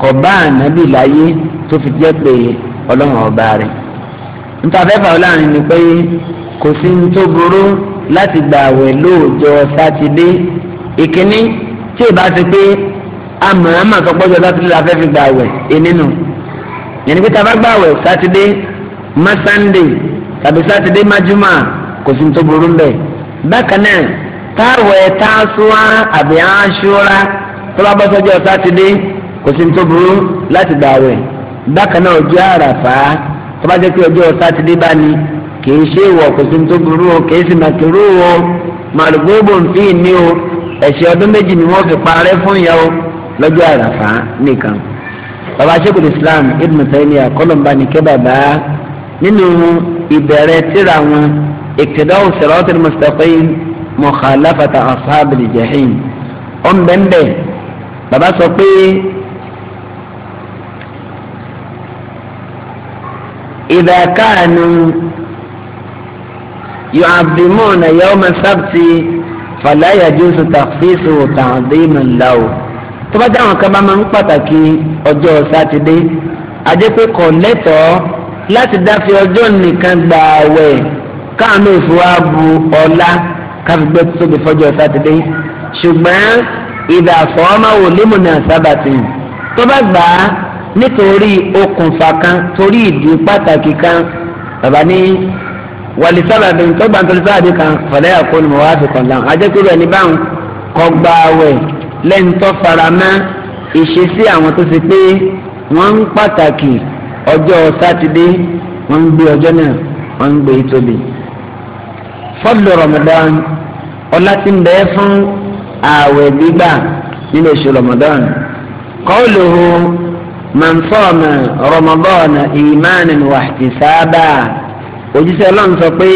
kọ̀ bá ànábì láyé tó fi jẹ́ pé ọlọ́run ọba rẹ̀ ntàfẹ́fà ọlọ́run ni pé kò sí ní tó burú láti gbà àwẹ̀ lóòjọ́ sátidé ìkíní tí ì bá ti pé amọ̀ọ́mọ̀ tó gbọ́dọ̀ sátidé la fẹ́ fi gbà àwẹ̀ ìnínú yẹnni pé tàbá gbà àwẹ̀ sátidé má sànńdé tàbí sátidé má júmọ̀ kò sí ní tó burú mbẹ̀ bákan náà táwẹ̀ táṣúwá àbí àṣúra tó bá bọ́ sọ́jọ́ sátidé kò sí ní tó burú láti gbà àwẹ̀ bákan náà ọjọ́ àràfà tó bá jẹ́ pé ọjọ́ sátidé bá ní kìí ṣe ìwọ̀ kò sí tó burú o kìí sì mà kúrú o màlúgbòbò ń fi ní o ẹ̀ṣẹ̀ ọdún méjì ni wọ́n fi parẹ́ fún ìyá lọ́jọ́ àràfà nìkan. bàbá sẹ́kùn Islam Ibn Taymiya àkọlùmbá ní kẹ́ nínú ìbẹ̀rẹ̀ tíra wọn iqtida'u siratil mustaqim mukhalafata ashabil jahim ọ̀nbẹ̀ńbẹ̀ bàbá sọ pé إذا كانوا يعظمون يوم السبت فلا يجوز تخصيصه تعظيما له tó bá dáhùn kan bá máa ń pàtàkì ọjọ́ sátidé adépẹ́kọ̀ lẹ́tọ̀ọ́ láti dáfi ọjọ́ nìkan gba àwẹ̀ káàánú ìfowópamọ́ ọ̀la káfíńgbẹ́ tóbi fọjọ́ sátidé ṣùgbọ́n ìdàfọ́ máa wò límùnà sábàtì tó bá gbà á nítorí okùnfà kan torí ìdí pàtàkì kan bàbá ní wàlísàbà bíi tọgbà nítorí sáàdì kan fàlẹ́ àkóónù mọ̀ wá fi kàn láwọn ajẹ́kúrò ẹni báwọn kọgbà awẹ̀ lẹ́yìn tó fara mọ́ ìṣesí àwọn tó ṣe pé wọ́n ń pàtàkì ọjọ́ sátidé wọ́n ń gbé ọjọ́ náà wọ́n ń gbé tóbi. fọ́dùlù rọmọdán ọlá ti ń bẹ́ẹ́ fún ààwẹ̀ gbígbà nínú oṣù rọmọdán kọ́ lóhùn. من sama رمضان imanan wa ihtisaba òjíṣẹ́ ọlọ́run sọ pé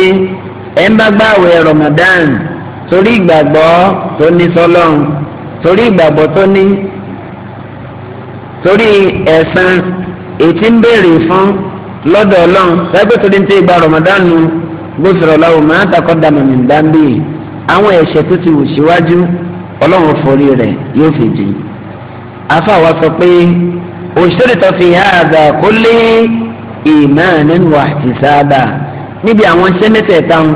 ẹ ń bá gbààwẹ̀ Ramadan torí ìgbàgbọ́ tó ní sọ́lọ́run torí ìgbàgbọ́ tó ní torí ẹ̀san ètí ń béèrè fún lọ́dọ̀ ọlọ́run lẹ́gbẹ́ tó dín tí ìgbà Ramadan gbófinró ọlọ́run máa takọ́ dàmọ̀ ní dáńbì àwọn ẹ̀ṣẹ̀ tó ti wù síwájú ọlọ́run forí rẹ̀ yóò fi dì í. wa sọ pé òṣèrètò fi hàdà kó lé ìmánan wà ihtisaban níbi àwọn iṣẹ́ mẹ́tẹ̀ẹ̀ta ń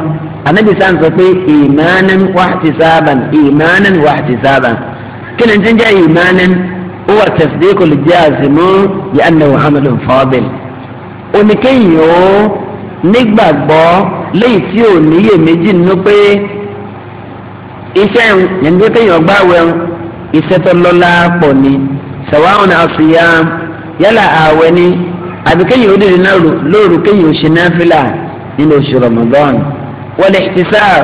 anabi sáà ń sọ pé ìmánan wà ihtisaban ìmánan wà ihtisaban kí ni ti ń jẹ́ ìmánan ó wà tasdiqul jazimu bi annahu amalun fadil oníkéyìn ó nígbàgbọ́ léyìí tí ò níyèméjì nínú pé iṣẹ́ ń gbé kéyìn ọgbà wẹ̀ iṣẹ́ tó lọ́lá pọ̀ ni sàwọn àfihàn yálà ààwẹ̀ ni àbí kéèyàn ó dìde náà lóru kéèyàn ó ṣe náfìlà nínú oṣù Ramadan wọlé ìtìsáà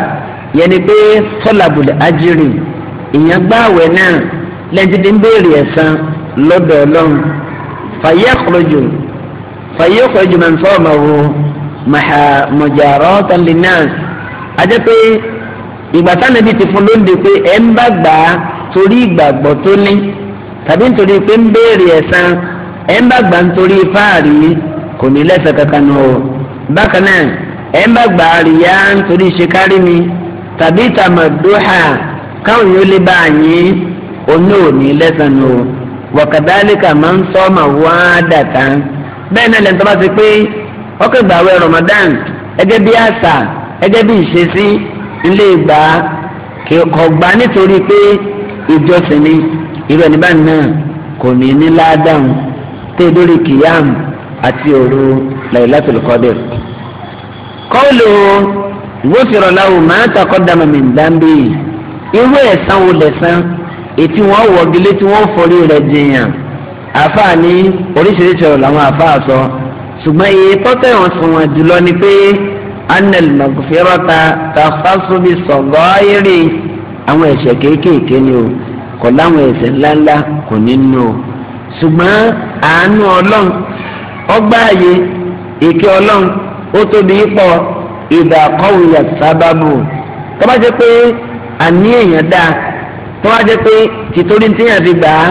yẹn ni pé tọ́làbùlẹ̀ ájírì ìyẹn gba ààwẹ̀ náà lẹ́ńtìdì ń béèrè ẹ̀san lọ́dọ̀ ọlọ́run fàyẹ́kọ̀rọ̀jù fàyẹ́kọ̀rọ̀jù máa ń fọ́ ọmọ wo mọ̀jàrọ́ tọ́lìnàṣ ajẹ́ pé ìgbà táwọn ẹbí ti fún lóńdè pé ẹ̀ ń bá gbà á torí ìgbàgbọ́ tó ní tàbí nítorí pé ń béèrè ẹ̀san ẹ̀ ń bá gbà nítorí fáàrí kò ní lẹ́sẹ̀ kankan nù o bákan náà ẹ̀ ń bá gbà àríyá nítorí ṣe kárí mi tàbí tàmàdúhà káwọn yóò lè bá yín oní òní lẹ́sẹ̀ nù o wàkàdálíkà máa ń sọ wá dàtà bẹ́ẹ̀ náà lẹ́nu tó bá ti pé ọkọ̀ ìgbàwé Ramadan ẹgẹ́ bí àṣà ẹgẹ́ bí ìṣesí ilé ìgbà kò gbà nítorí pé ìjọsìn ni irú ẹni báyìí náà kò ní ní ládàáhùn tẹ́ lórí kìyàm àti òru Laylatul Qadr. kọ́ọ̀lù ìwọ́sirọ̀ làwọn máa taqaddama min dhanbi irú ẹ̀sán wo lẹ̀sán ètí wọn wọ̀gilé tí wọ́n forí rẹ̀ jìyàn àfáà ní oríṣiríṣi ọ̀rọ̀ làwọn àfáà sọ ṣùgbọ́n iye tọ́tẹ̀ wọn sùn wọn jùlọ ni pé anel magufirota tafasubi sọgọ́ọ́rì àwọn ẹ̀ṣẹ̀ kéékèèké ni o kò láwọn ẹ̀ṣẹ̀ ńláńlá kò nínú o ṣùgbọ́n àánú ọlọ́run ọgbà ààyè èké ọlọ́run ó tóbi pọ̀ ìdá kọ́wìyà sábàbù tó bá jẹ́ pé àní èèyàn dáa tó bá jẹ́ pé tìtorí tí èèyàn fi gbà á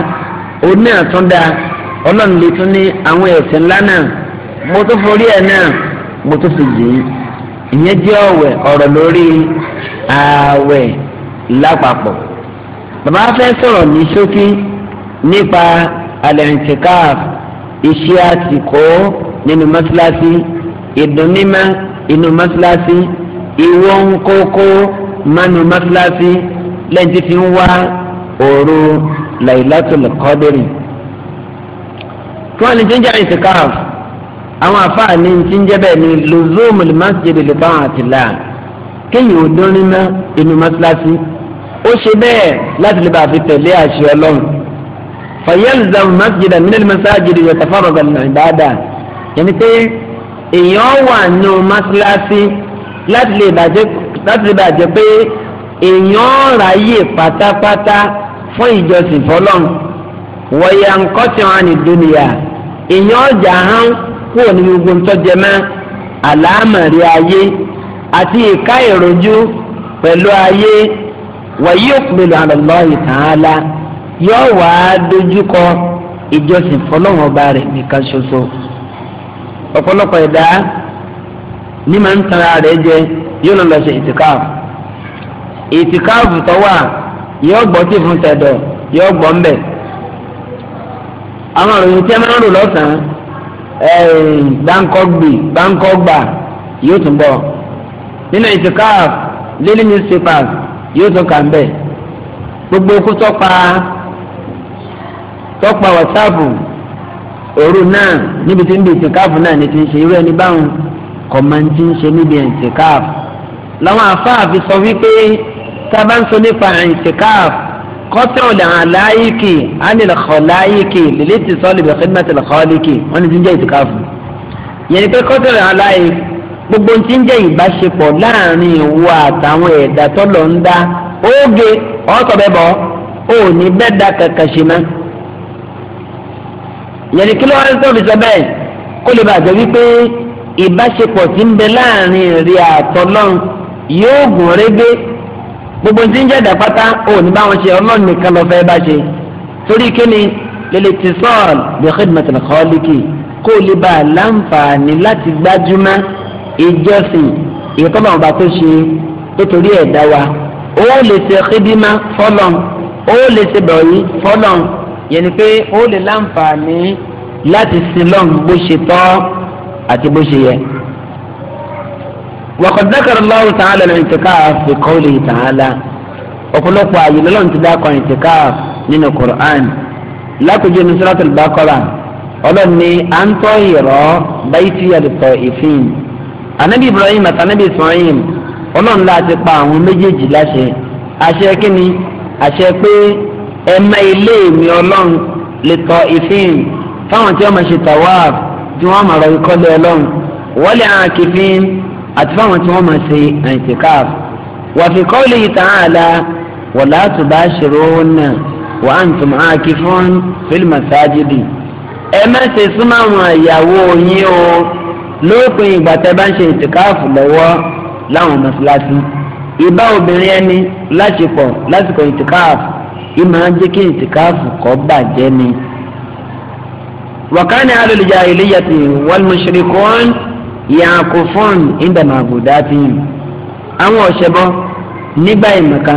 òun náà tún dáa lè tún ní àwọn ẹ̀ṣẹ̀ ńlá náà mo tó forí ẹ̀ náà mo tó fi jì ìyẹn jẹ́ ọ̀wẹ̀ ọ̀rọ̀ lórí ààwẹ̀ lápapọ̀ bàbá fẹ́ sọ̀rọ̀ ní ṣókí nípa alẹ́ǹtìkáf iṣẹ́ àsìkò nínú mọ́ṣáláṣí ìdùnnímọ́ inú mọ́ṣáláṣí ìwọ ń kókó mánu mọ́ṣáláṣí lẹ́yìn tí fi ń wá òru Lailatul Qadri. kí wọ́n ní tí ń jẹ́ ìtìkáf àwọn àfáà ní tí ń jẹ́ bẹ́ẹ̀ ni luzumul masjid lè bá wọn àtìlá kéèyàn ò inú mọ́ṣáláṣí ó ṣe bẹ́ẹ̀ láti lè bá fi tẹ̀lé àṣẹ ọlọ́run fayelzam masjid aminal masajid yatafarraga lil ibada yẹni pé èèyàn wà nù mọ́sálásí láti lè bàjẹ́ pé èèyàn ráyè pátápátá fún ìjọsìn fọlọ́n wọ̀yà nkọ́tì wọn ni dúnìyà èèyàn ọjà hán kúrò ní gbogbo ntọ́jẹmọ́ àlámọ̀rí ayé àti ìka ìrojú pẹ̀lú ayé wàyí òkùnrin àlọ́ lọ́ọ̀yì tààlà yóò wá dojúkọ ìjọsìn fọlọ́wọ́n ọba rẹ̀ nìkan ṣoṣo ọ̀pọ̀lọpọ̀ ẹ̀dá ní máa ń tara rẹ̀ jẹ yóò lọ lọ ṣe ìtìkáàfù ìtìkáàfù tó wà yóò gbọ́ tí fún tẹ̀dọ̀ yóò gbọ́ ńbẹ̀ àwọn òròyìn tí a máa ń rò lọ́sàn-án báńkọ́gbì báńkọ́gbà yóò tún bọ̀ nínú ìtìkáàfù lílí newspapers yóò tún kà ń bẹ̀ gbogbo okú tọ́pa tọ́pa wàsáàpù òru náà níbi tí ń bi ìtìkáàfù náà ní ti ń ṣe irú ẹni báwọn kọ̀mọ̀ntì ń ṣe níbi ìtìkáàfù làwọn afáàfi sọ wípé tábà ń sọ nípa ìtìkáàfù kọ́tọ̀ lè hàn láyìíkì ánìlẹ̀ kọ̀ láyìíkì lèlè ti sọ́ọ́ lè wọ́n ní ti ń jẹ́ ìtìkáàfù yẹn ni pé kọ́tọ̀ lè hàn gbogbo ti ń jẹ́ ìbáṣepọ̀ láàrin ìwọ àtàwọn ẹ̀dá tọ́lọ̀ ń dá oge ọ̀tọ̀ bẹ́ẹ̀ bọ̀ ó ní bẹ́ẹ̀ da kankan ṣe mọ́. ìyẹn ni kí ló wáá sọ̀rọ̀ sọ bẹ́ẹ̀ kó lè bàjẹ́ wípé ìbáṣepọ̀ ti ń bẹ láàrin ìrì àtọ́lọ́run yóò gùn régé gbogbo ti ń jẹ́ ẹ̀dá pátá ó ní báwọn ṣe ọlọ́run nìkan ló fẹ́ bá ṣe torí kíni lèlè ti sọ́ọ̀lù bi khidmatil khaliqi kó lè bá láǹfààní láti gbájúmọ́ ìjọsìn ìkọ́nà ọba tó ṣe tó torí ẹ̀ dá wa ó lè ṣe xidima fọlọ́n ó lè ṣe bọ̀yì fọlọ́n yẹn ni pé ó lè láǹfààní láti sin lọ́n bó ṣe tọ́ àti bó ṣe yẹ. وقد ذكر الله تعالى الاعتكاف في قوله تعالى ọ̀pọ̀lọpọ̀ àyè lọ́lọ́run ti dákọ̀ ìtìkáf nínú Qur'an lákòjọ ní suratul Baqarah ọlọ́run ní à ń tọ́ ìrọ̀ baiti àdìtọ̀ ìfín anabi ibrahim àti anabi ismail ọlọ́run la ti pa àwọn méjèèjì láṣẹ àṣẹ kínni àṣẹ pé ẹ mọ ilé mi ọlọ́run lè tọ ìfín fáwọn tí wọ́n máa ṣe tawaf tí wọ́n máa rọ ìkọ́lé ọlọ́run wọ́lẹ̀ àkìfín àti fáwọn tí wọ́n máa ṣe àìsíkáf wàfi kọ́lé ta'ala wala tubashiruna wa antum akifun fil masajidi ẹ má ṣe súnmọ́ àwọn ìyàwó yín o lópin ìgbà tẹ́ bá ń ṣe ìtìkáàfù lọ́wọ́ láwọn mọ́ṣáláṣí ìbá obìnrin ẹni láṣepọ̀ lásìkò ìtìkáàfù ìmọ̀ jẹ́ kí ìtìkáàfù kọ́ bàjẹ́ ni. wàkánì alòlùjà ìlẹ́yàtì wọ́lmùsirikún yaankofon ìdàmàbùdàtì àwọn ọ̀ṣẹ́bọ nígbà ìmọ̀ká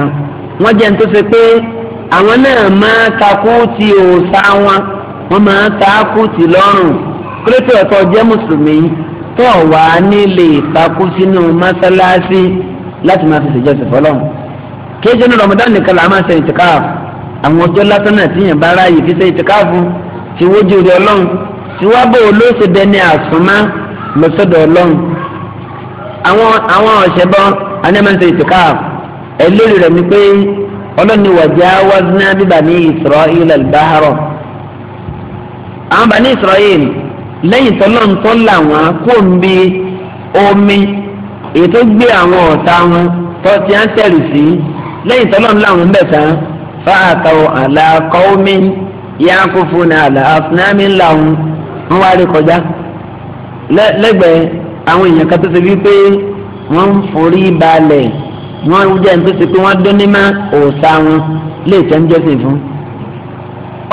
wọ́n jẹ́ ní tó ṣe pé àwọn náà máa takú ti òòṣà wọn wọ́n máa takú ti lọ́rùn kúrẹ́tì ọ̀tọ̀ jẹ́ mùsùlùmí tó wà nílé ìtakú sínú mọ́sálásí láti máa fi ṣèjọsìn fọlọ́n kéjọ ní Ramadan nìkan làá máa ṣe ìtìkáàfù àwọn ọjọ́ lásán náà tíyàn bá ráàyè fi ṣe ìtìkáàfù tí wọ́n jù rẹ̀ ọlọ́run tí wọ́n bò lóṣù dẹni àsùnmá lọ́sọ̀dọ̀ ọlọ́run àwọn àwọn ọ̀ṣẹ́bọ anímọ̀ṣe ìtìkáàfù ẹlẹ́rìí rẹ̀ ni pé ọlọ́ni wàjá wazná bíbà ní Isra'il al-bahra àwọn bàní Isra'il lẹ́yìn tọ́lọ́ntọ́ làwọn kò ń omi èyí tó gbé àwọn ọ̀tá wọn tó ti ń tẹ̀lé sí lẹ́yìn tọ́lọ́ntọ́ làwọn bẹ̀ tán fáàtàwọ̀ àlàkọ́ọ́mí yakufu ní àlàáfíàmì làwọn ń wá rí kọjá lẹ́gbẹ̀ẹ́ àwọn èèyàn kan tó ti wí pé wọ́n ń forí balẹ̀ wọ́n jẹ́ ní tó ti pé wọ́n dún ní má òòsa wọn lè tẹ́ ń jọ́sìn fún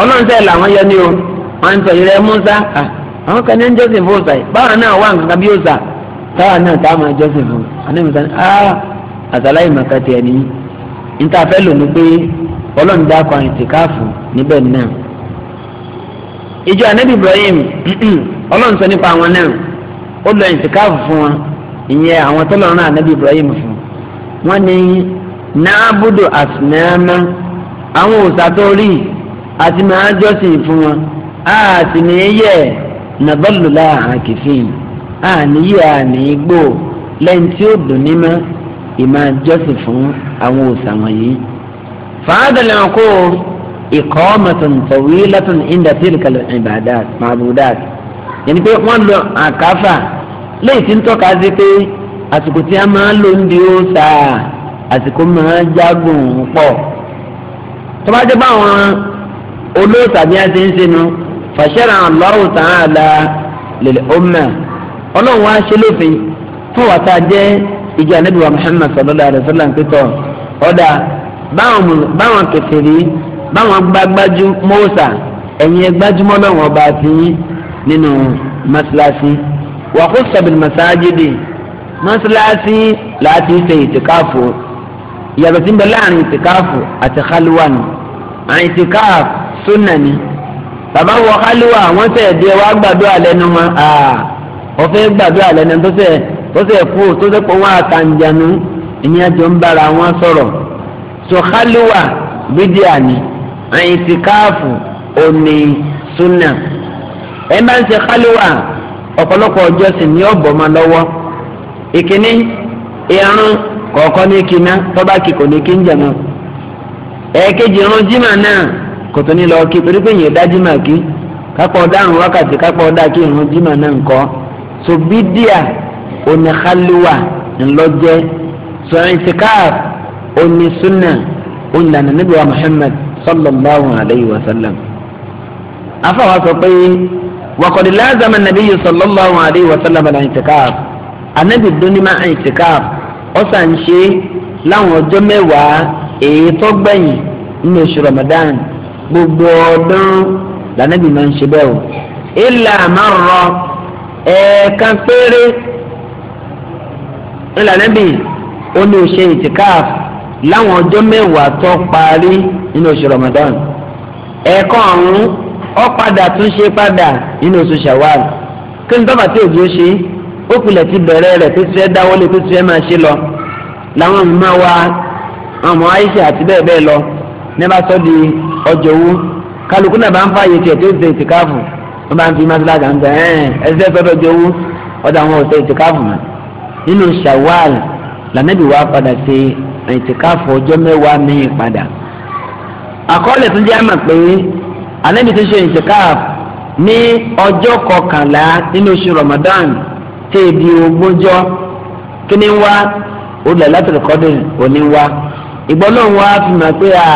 ọlọ́run sẹ́ẹ̀ làwọn yọ ní o wọ́n ń sọ ìrẹ́ Musa kà. àwọn kan ní ń jọ́sìn fún ọ̀sà yìí báwọn náà wà nǹkan bí ọ̀sà táwọn náà táwọn máa jọ́sìn fún anáìmọ̀sán áá àtàláyé màkà tiẹ̀ ní níta anyị lò pé ọlọ́run dákọ̀ káàfù náà. ìjọ Ibrahim sọ nípa àwọn náà ó lọ àyìn káàfù fún wọn ìyẹn àwọn tó Ibrahim fún wọn ní àwọn òòsà tó rí àti jọ́sìn fún wọn nàbọ́lù láàrin kìfín àníyí àní gbò lẹ́yìn tí ó dùn ní mọ́ ìmọ̀ jọ́sìn fún àwọn òòsàn wọ̀nyí. fàádàlẹ̀ ọkọ ìkọ́ mọ̀tàn tọ̀wé látàn ìndà tí ìlkàlẹ̀ ìbàdà màbúdàt yẹni pé wọ́n lo àkáfà lẹ́yìn tí ń tọ́ka sí pé àsìkò tí a máa lò ń di ó sáà àsìkò máa jágùn pọ̀ tó bá jẹ́ olóòtú àbí àti ń sinú fàṣẹ́ra Allahu ta'ala lil umma ọlọ́run wá ṣe lófin fún wa tá a jẹ́ ìjọ anábìwá Muhammad sallallahu alayhi wa sallam pẹ̀tọ́ ọ̀dà báwọn kẹfìrí báwọn gbágbájú mọ́ọ̀sà ẹ̀yin gbájúmọ́ lọ́wọ́ ọba àti nínú mọ́ṣáláṣí wa khussa bil masajidi mọ́ṣáláṣí láti ṣe ìtìkáàfù ìyàtọ̀ tí ń bẹ láàrin ìtìkáàfù àti khalwa àìtìkáàfù sunnah ni bàbá wọ hálíwà wọ́n sẹ̀ di ẹ wá gbàdúrà lẹ́nu wọn ọ̀fẹ́ gbàdúrà lẹ́nu tó sẹ̀ tó sẹ̀ kú tó sẹ̀ pọ̀ wọn àtàǹjànú ìyẹn àjọ ń bára wọn sọ̀rọ̀ so hálíwà bídíà ni àìsíkáàfù òní súnà ẹ bá ń ṣe hálíwà ọ̀pọ̀lọpọ̀ ọjọ́ sì ní ọ̀bọ̀ máa lọ́wọ́ ìkíní irun kọ̀ọ̀kan ní kíná tọ́ba kìkò ní kí ń ẹ̀ẹ́kejì irun jimá náà kò tó ní lọ kí torí pé yẹn dá jimá kí kápọ̀ ọ̀daràn wákàtí kápọ̀ ọ̀dà kí irun jimá náà ń kọ́ so bídíà oníkálíwà ńlọ́jẹ́ so ìsìkáàf onísúnà onílànà níbi wa Muhammad sallallahu alayhi wa sallam. afọwọ́ sọ pé wakọ̀dí láàzàmà nàbí yìí sallallahu alayhi wa sallam àdá ìsìkáàf anábì dúnímà ìsìkáàf ọ̀sà ń ṣe láwọn ọjọ́ mẹ́wàá èyí tó gbẹ̀yìn nínú oṣù Ramadan gbogbo ọdún lànàbì máa ń ṣe bẹ́ẹ̀ o ìlà máa ń rọ ẹ̀ẹ̀kan péré ńlànàbì ó ní òṣè ìtìkáf láwọn ọjọ́ mẹ́wàá tó parí nínú oṣù Ramadan ẹ̀ẹ̀kan ọ̀hún ó padà tún ṣe padà nínú oṣù Shawwal kí n tọ́ba tí òjò ṣe ó kulẹ̀ ti bẹ̀rẹ̀ rẹ̀ tó ti fẹ́ dáwọ́lé tó ti fẹ́ máa ṣe lọ làwọn ọmọ wa ọmọ Aisha àti bẹ́ẹ̀ bẹ́ẹ̀ lọ ní bá sọ di ọjọ́ owó kálukú náà bá ń fààyè tiẹ̀ tó ṣe ìtìkáàfù wọ́n bá ń fi mọ́tíláṣà ń bẹ̀ ẹ́n ẹ̀sẹ̀ fẹ́fẹ́ jọ owó ọ̀dọ̀ àwọn ọ̀sẹ̀ ìtìkáàfù mọ́ nínú Shawwal lànàbí wa padà ṣe ìtìkáàfù ọjọ́ mẹ́wàá mẹ́yìn padà àkọọ́lẹ̀ tó jẹ́ àmà pé ànàbí tó ṣe ìtìkáàfù ní ọjọ́ kọkànlá nínú oṣù Ramadan tẹ́ ibi ogúnjọ́ kí ni wá ó lẹ̀ látìlẹ́kọ́dún òní wá ìgbọ́n náà wá fi mọ̀ pé à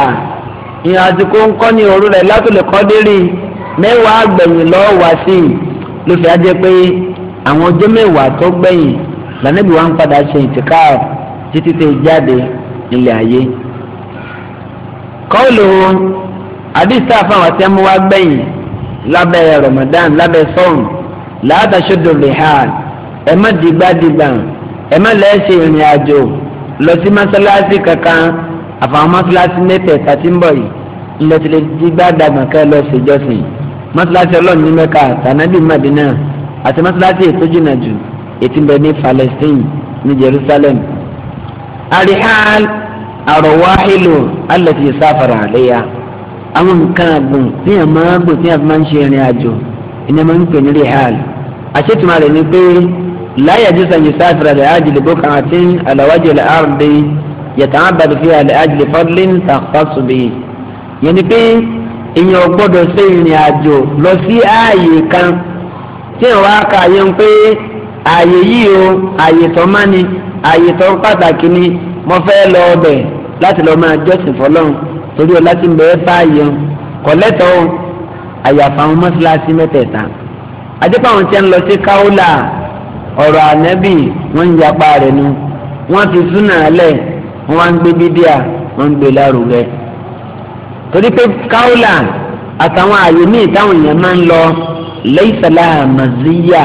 ìyàn àsìkò ńkọ́ ní òru rẹ̀ látòlè kọ́ dérì mẹ́wàá gbẹ̀yìn lọ́ọ́ wá sí i ló fi ajẹ́ pé àwọn ọjọ́ mẹ́wàá tó gbẹ̀yìn lànàbí wa ń padà ṣe ìtìká títí tẹ jáde ilé ayé. kọ́ọ̀lù àdìsá fáwọn tí wọ́n wá gbẹ̀yìn lábẹ́ Ramadan lábẹ́ sọ́ọ̀n látàṣodò rihal ẹ̀ má dìgbàdìgbà ìrìn àjò lọ sí mọ́sálásí kankan àfàwọn mọ́tíláṣí mẹ́tẹ̀ẹ̀ta tí ń bọ̀ yìí ńlọ tilẹ̀ dígbà dàgbọ̀n ká lọ ṣèjọsìn mọ́tíláṣí ọlọ́run ní mẹ́ka tànàbí madina àti mọ́tíláṣí ètò jìnnà jù ètí ń bẹ ní palestine ní jerusalem. àríhàn àròwáhìlò alẹ́ ti sáfàrà àléyà àwọn nǹkan àgbọ̀n tí yẹn máa gbò tí yẹn fi máa ń ṣe ìrìn àjò ìní máa ń pè ní rihal àṣetùmọ̀ rẹ̀ ni pé láyà jésù yata'abbadu fiha li ajli fadlin takhtassu bihi yẹn ni pé èèyàn gbọ́dọ̀ ṣe ìrìn àjò lọ sí ààyè kan tí ìwà ká yẹ ń pé ààyè yìí o ààyè tó má ni ààyè tó pàtàkì ni mo fẹ́ lọ ọbẹ̀ láti lọ máa jọ́sìn fọlọ́run torí o láti ń bẹ̀ẹ́ fààyè o kọ̀lẹ́tọ̀ o àyàfà àwọn mọ́ṣáláṣí mẹ́tẹ̀ẹ̀ta àdébà àwọn tí ń lọ sí káwọ́là ọ̀rọ̀ ànẹ́bì wọ́n ń yapa rẹ̀ nu wọ́n ti súnà lẹ̀ wọ́n wá ń gbé bídíà wọ́n ń gbé lárugẹ. torí pé káwùlà àtàwọn ààyè míì táwọn èèyàn máa ń lọ lẹ́yìnsàlá àmàzíyà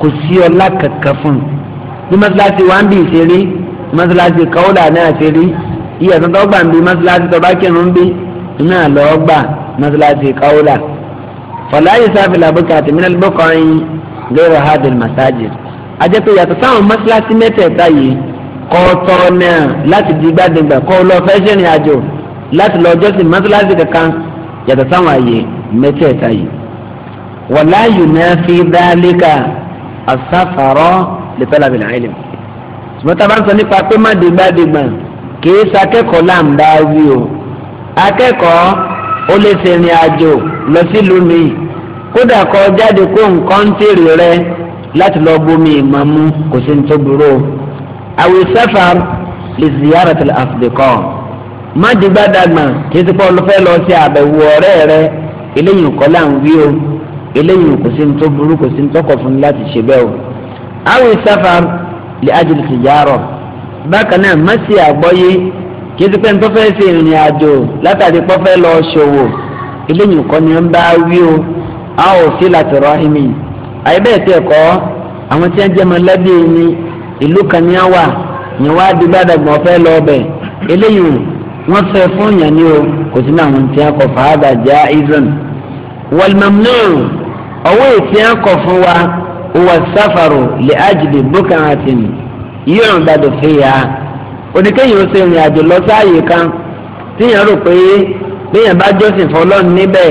kò sí ọlá kankan fún un. bí mọ́sálásí wa ń bì ṣe rí mọ́sálásí káwùlà náà ṣe rí iye àtúntò gbà ń bí mọ́sálásí tọ́ba kírun ń bí iná lọ́ọ́ gbà mọ́sálásí káwùlà. fọlá yìí sáfìlà bùkà tèmínà lọ́kọ̀ọ́yìn lórí ọ̀hádìl masajid. àjẹpẹ́ yàtọ̀ sáwọn mọ́sálásí mẹ́tẹ̀ẹ̀ta yìí kọ́tọ́ náà láti di gbàdégbà kọ́ lọ fẹ́ ṣèrìn àjò láti lọ jọ́sìn mọ́tíláṣí kankan yàtọ̀ sáwọn àyè mẹ́tẹ̀ẹ̀ta yìí. wala yunafi dhalika as-safara li talab al-ilm. ṣùgbọ́n tá a bá ń sọ nípa pé má di gbàdégbà kìí sakẹ́kọ̀ọ́ là ń bá wí o akẹ́kọ̀ọ́ ó lè ṣèrìn àjò lọ sílùú mi kódà kọ jáde kó nǹkan ń awi safar li ziyarati al-asdiqa má dìgbà dàgbà kí ti pọ́n fẹ́ lọ sí àbẹ̀wò ọ̀rẹ́ rẹ eléyìí kọ́ là ń wí o eléyìí kò sí ní tó burú kò sí ní tọkọ̀ fún láti ṣe bẹ́ẹ̀ o awi safar li ajli tijara bákan náà má sí àgbọ́yé kí ti pẹ́ fẹ́ ṣe ìrìn àjò látàrí pọ́ fẹ́ lọ ṣòwò eléyìí kọ́ ni ń bá wí o a láti rọ́ ẹ̀mí àyẹ̀bẹ̀ẹ̀ tẹ̀ kọ́ àwọn tí wọ́n jẹ́ mọ́lẹ́bí ni ìlú kan ní àwà yẹn wá di gbàdàgbọ́n fẹ́ lọ ọbẹ̀ eléyìí wọ́n fẹ́ o kò sí náà wọn ti akọ fàádà já ìzọ́n. wàlmọ̀mọ́nù ọwọ́ ètí akọ fún wa wà sáfàrò lè ájìlè bókan àti nì yóò ń gbàdọ̀ ya ó ṣe àjò lọ sáàyè kan tíyẹn rò pé bíyẹn bá jọ́sìn fọlọ́ọ̀n níbẹ̀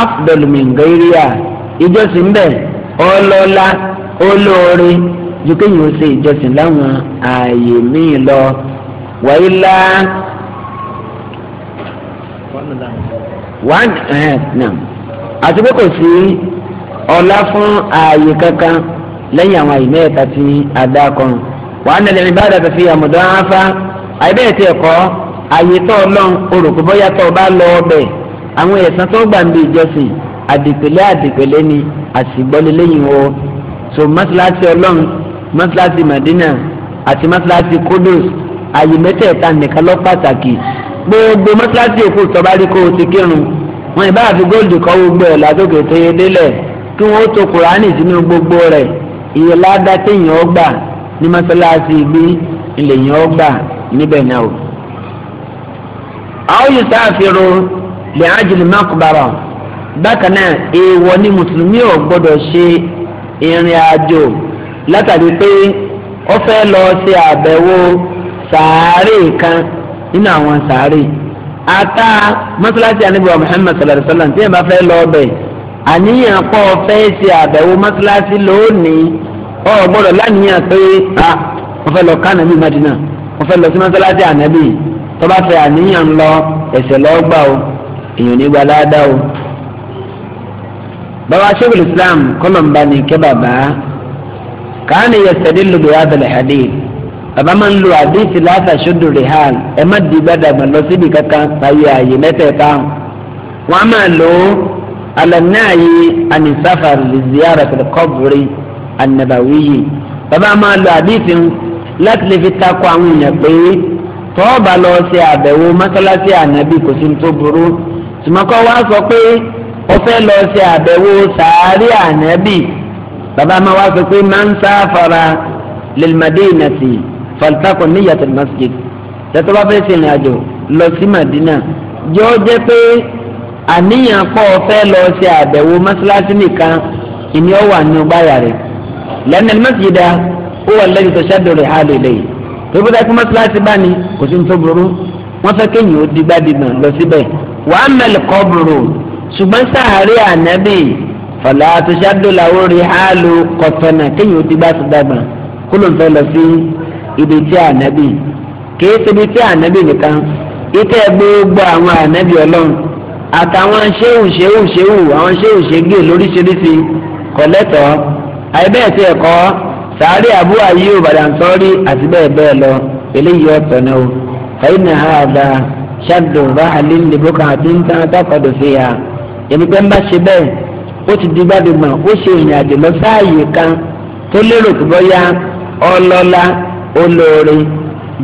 afdol mingeria ìjọsìn ọlọ́lá olóore ju kéyìn ó ṣe ìjọsìn láwọn ààyè míì lọ wáyé lá eh, àti pé kò sí ọlá fún ààyè kankan lẹ́yìn àwọn ààyè mẹ́ta tí a dá kan wàá nílẹ̀ ní báyìí dàtọ̀ fi àmọ̀dọ́ áfá àìbẹ́ẹ̀ ẹ̀kọ́ ààyè tó ọlọ́run orùkú bóyá tó bá lọ ọbẹ̀ àwọn ẹ̀sán tó gbà ń bí ìjọsìn àdìpẹ̀lẹ́ àdìpẹ̀lẹ́ ni àsìgbọ́lé lẹ́yìn mọ́sálásí Madina àti mọ́sálásí Kudus àyè mẹ́tẹ̀ẹ̀ta nìkan lọ pàtàkì gbogbo mọ́sálásí èkó tọ́bárí kó o ti kírun wọn ìbá àfi góòlù kọ́ gbogbo ẹ̀ látòkè tó yẹ délẹ̀ kí wọ́n tó kùránì sínú gbogbo rẹ̀ iye ládá téèyàn ó gbà ní mọ́sálásí ibi ìlèyàn ó gbà níbẹ̀ náà o. àwọn yìí sáfìrò lè ájìlì mákùbárà bákan náà èèwọ̀ ni mùsùlùmí ò gbọ́dọ̀ ṣe ìrìn àjò látàrí pé ó fẹ́ lọ ṣe àbẹ̀wò sàárè kan nínú àwọn sàárè ata mọ́sálásí anábìwá Muhammad sallallahu alayhi wa sallam tí yẹn bá fẹ́ lọ ọbẹ̀ àníyàn pọ̀ fẹ́ ṣe àbẹ̀wò mọ́sálásí lónìí ọ gbọ́dọ̀ láníyàn pé a wọ́n fẹ́ lọ kánà bíi Madina wọ́n fẹ́ lọ sí mọ́sálásí ànábì tó bá fẹ́ àníyàn ń lọ ẹ̀sẹ̀ lọ́gbà o Islam kọ́lọ̀ ń bá ní kẹ́ kàánì yẹsẹ̀dí lùgbò yá bẹ̀lẹ̀ hadith bàbá máa ń lo àdéhìsì látàṣọdù rihal ẹ má di gbàdàgbà lọ síbi kankan tàyè àyè mẹ́tẹ̀ẹ̀ta wọ́n á máa lo alẹ́nàáyé anisafa liziyara kọ́bùrì anabawiyi bàbá máa lo àdéhìsì láti lè fi takò àwọn èèyàn pé tọ́ọ̀bà lọ ṣe àbẹ̀wò mọ́sálásí ànábì kò sí tó burú tùmọ̀kọ́ wá sọ pé ó fẹ́ lọ ṣe àbẹ̀wò sàárì ànábì bàbá máa wá sọ pé máa ń sáfara lèlmàdínàtì fàlùtàkọ níyàtọ masjid tẹtọ bá fẹẹ ṣèrìn àjò lọ sí madina yóò jẹ pé àníyàn pọ̀ fẹ́ lọ ṣe àbẹ̀wò mọ́ṣáláṣí nìkan ìní ọ̀wà ní ọgbàyà rẹ̀ lẹ́nu mọ́ṣídà ó wà lẹ́yìn tó ṣàdó rẹ̀ hálò lẹ́yìn tó bí dákú mọ́ṣáláṣí bá ní kò sí ní burú wọ́n fẹ́ kéèyàn ó digbá digbà lọ síbẹ̀ wàá mẹ́lẹ̀ kọ́ burú ṣùgbọ́n sáàárẹ̀ ànábì fọlá àtúnṣàdó làwọn rí hàlù kọtọnà kéèyàn ti gbà sódàgbà kó ló ń fẹ́ lọ sí ibi tí ànábì kìí síbi tí ànábì nìkan ìtẹ́ gbogbo àwọn ànábì ọlọ́run àtàwọn ṣéwù ṣéwù ṣéwù àwọn ṣéwù ṣégè lóríṣiríṣi kọ̀lẹ́tọ̀ àìbẹ́ẹ̀ tí ẹ̀kọ́ sàárè àbú ayé òbàdàntọ́rí àti bẹ́ẹ̀ bẹ́ẹ̀ lọ eléyìí ọ̀tọ̀ náà o fẹ́yìn náà á da ṣàdùn bá àlè ń lè àti ń tán àtàkọ́dọ̀ fi èmi pẹ́ ń bá ṣe bẹ́ẹ̀ ó ti di gbàdúgbà ó ṣe ìrìn lọ sáàyè kan tó lérò pé bóyá ọlọ́lá olóore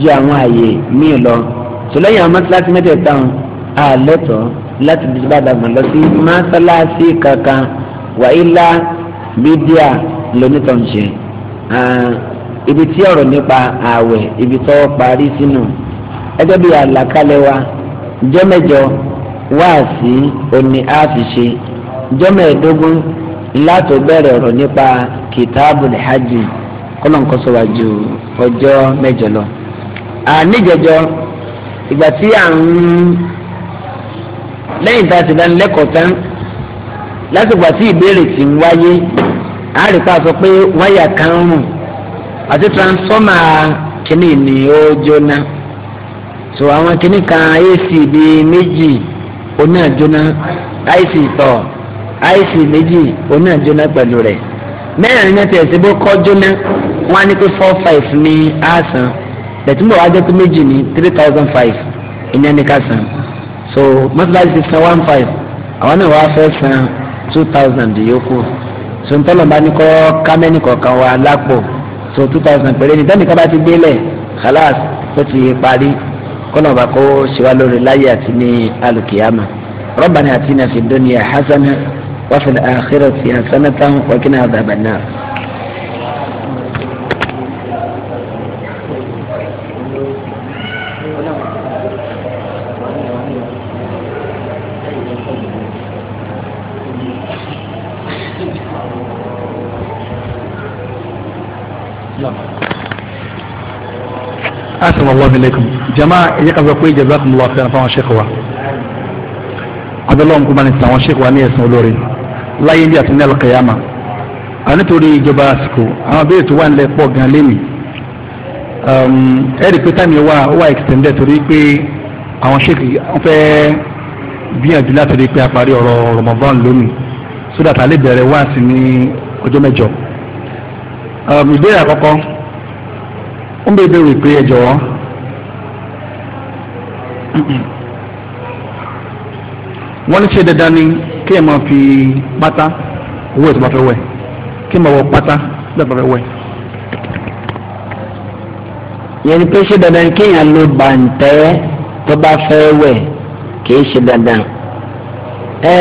ju àwọn àyè míì lọ sọlẹ́yìn àwọn mọ́tíláṣí mẹ́tẹ̀ẹ̀ta ọ̀hún àlẹ́tọ̀ láti di gbàdúgbà lọ sí mọ́tíláṣí kankan wàhálà bídíà lónítọ̀ǹṣe ibi tí ọ̀rọ̀ nípa ààwẹ̀ ibi tó parí sínú ẹgbẹ́ bíi àlàkalẹ̀ wa wáàsí òní jọmọ ẹ̀ẹ́dógún láti bẹ̀rẹ̀ ọ̀rọ̀ nípa kìtàbù hajj kọ́lọ́nkọ́sọ́wájú ọjọ́ mẹ́jọ lọ. àníjẹjọ ìgbà tí à ń lẹ́yìn tá a ti dánilẹ́kọ̀ọ́ tán tí ìbéèrè ti ń wáyé a rí pa sọ pé wáyà kan ń rùn àti kìnnì ni ó jóná so àwọn kìnnì kan ac bíi méjì àìsí méjì oní àjọná pẹ̀lú rẹ̀ mẹ́rin náà tẹ̀sí bó kọ́ jóná wọ́n á ní pé four five ní àásán bẹ̀túmọ̀ wájú pé méjì ní three thousand five ìyẹn ní ká san so mọ́tíláṣí ti san one five àwọn náà wàá fẹ́ san two thousand yòókù so ntọ́lọ̀ bá ní kọ́ kámẹ́nì kọ̀ọ̀kan wà lápò so two thousand péré ní tẹ́nìkan bá ti gbélẹ̀ khalas ó ti parí kọ́nà ọba kó ṣe wá lórí láyé àti ní alùkìyàmà rabbana atina fid dunya hasana. وفي الآخرة حسنة وكنا عذاب النار أحسن الله إليكم جماعة يقف يقوي جزاكم الله خيرا فما شيخ هو عبد الله أمكم أن يسمعوا الشيخ وأن يسمعوا لوري láyé bí àti ní alùkàyàmà ànítorí ìjọba àsìkò àwọn abẹ́rẹ́ tó wà nílẹ̀ pọ̀ gan lẹ́nu ẹ̀rí pé táìmì wà ó wà extended torí pé àwọn ṣèkì wọ́n fẹ́ gbìyànjú láti rí pé a parí ọ̀rọ̀ Ramadan lónìí so that a lè bẹ̀rẹ̀ wá sí ní ọjọ́ mẹ́jọ. ìbéèrè àkọ́kọ́ ó ń bèbè rè pé ẹ jọ̀wọ́ wọ́n ní ṣe dandan ni kí ẹ máa fi pátá owó ìtura fẹ́ wẹ̀ kí ẹ máa wọ pátá lẹ́tọ̀ fẹ́ wẹ̀. yẹn ni pé ṣé dandan kéèyàn lo bàǹtẹ́ tó bá fẹ́ wẹ̀ kì í ṣe dandan. ẹ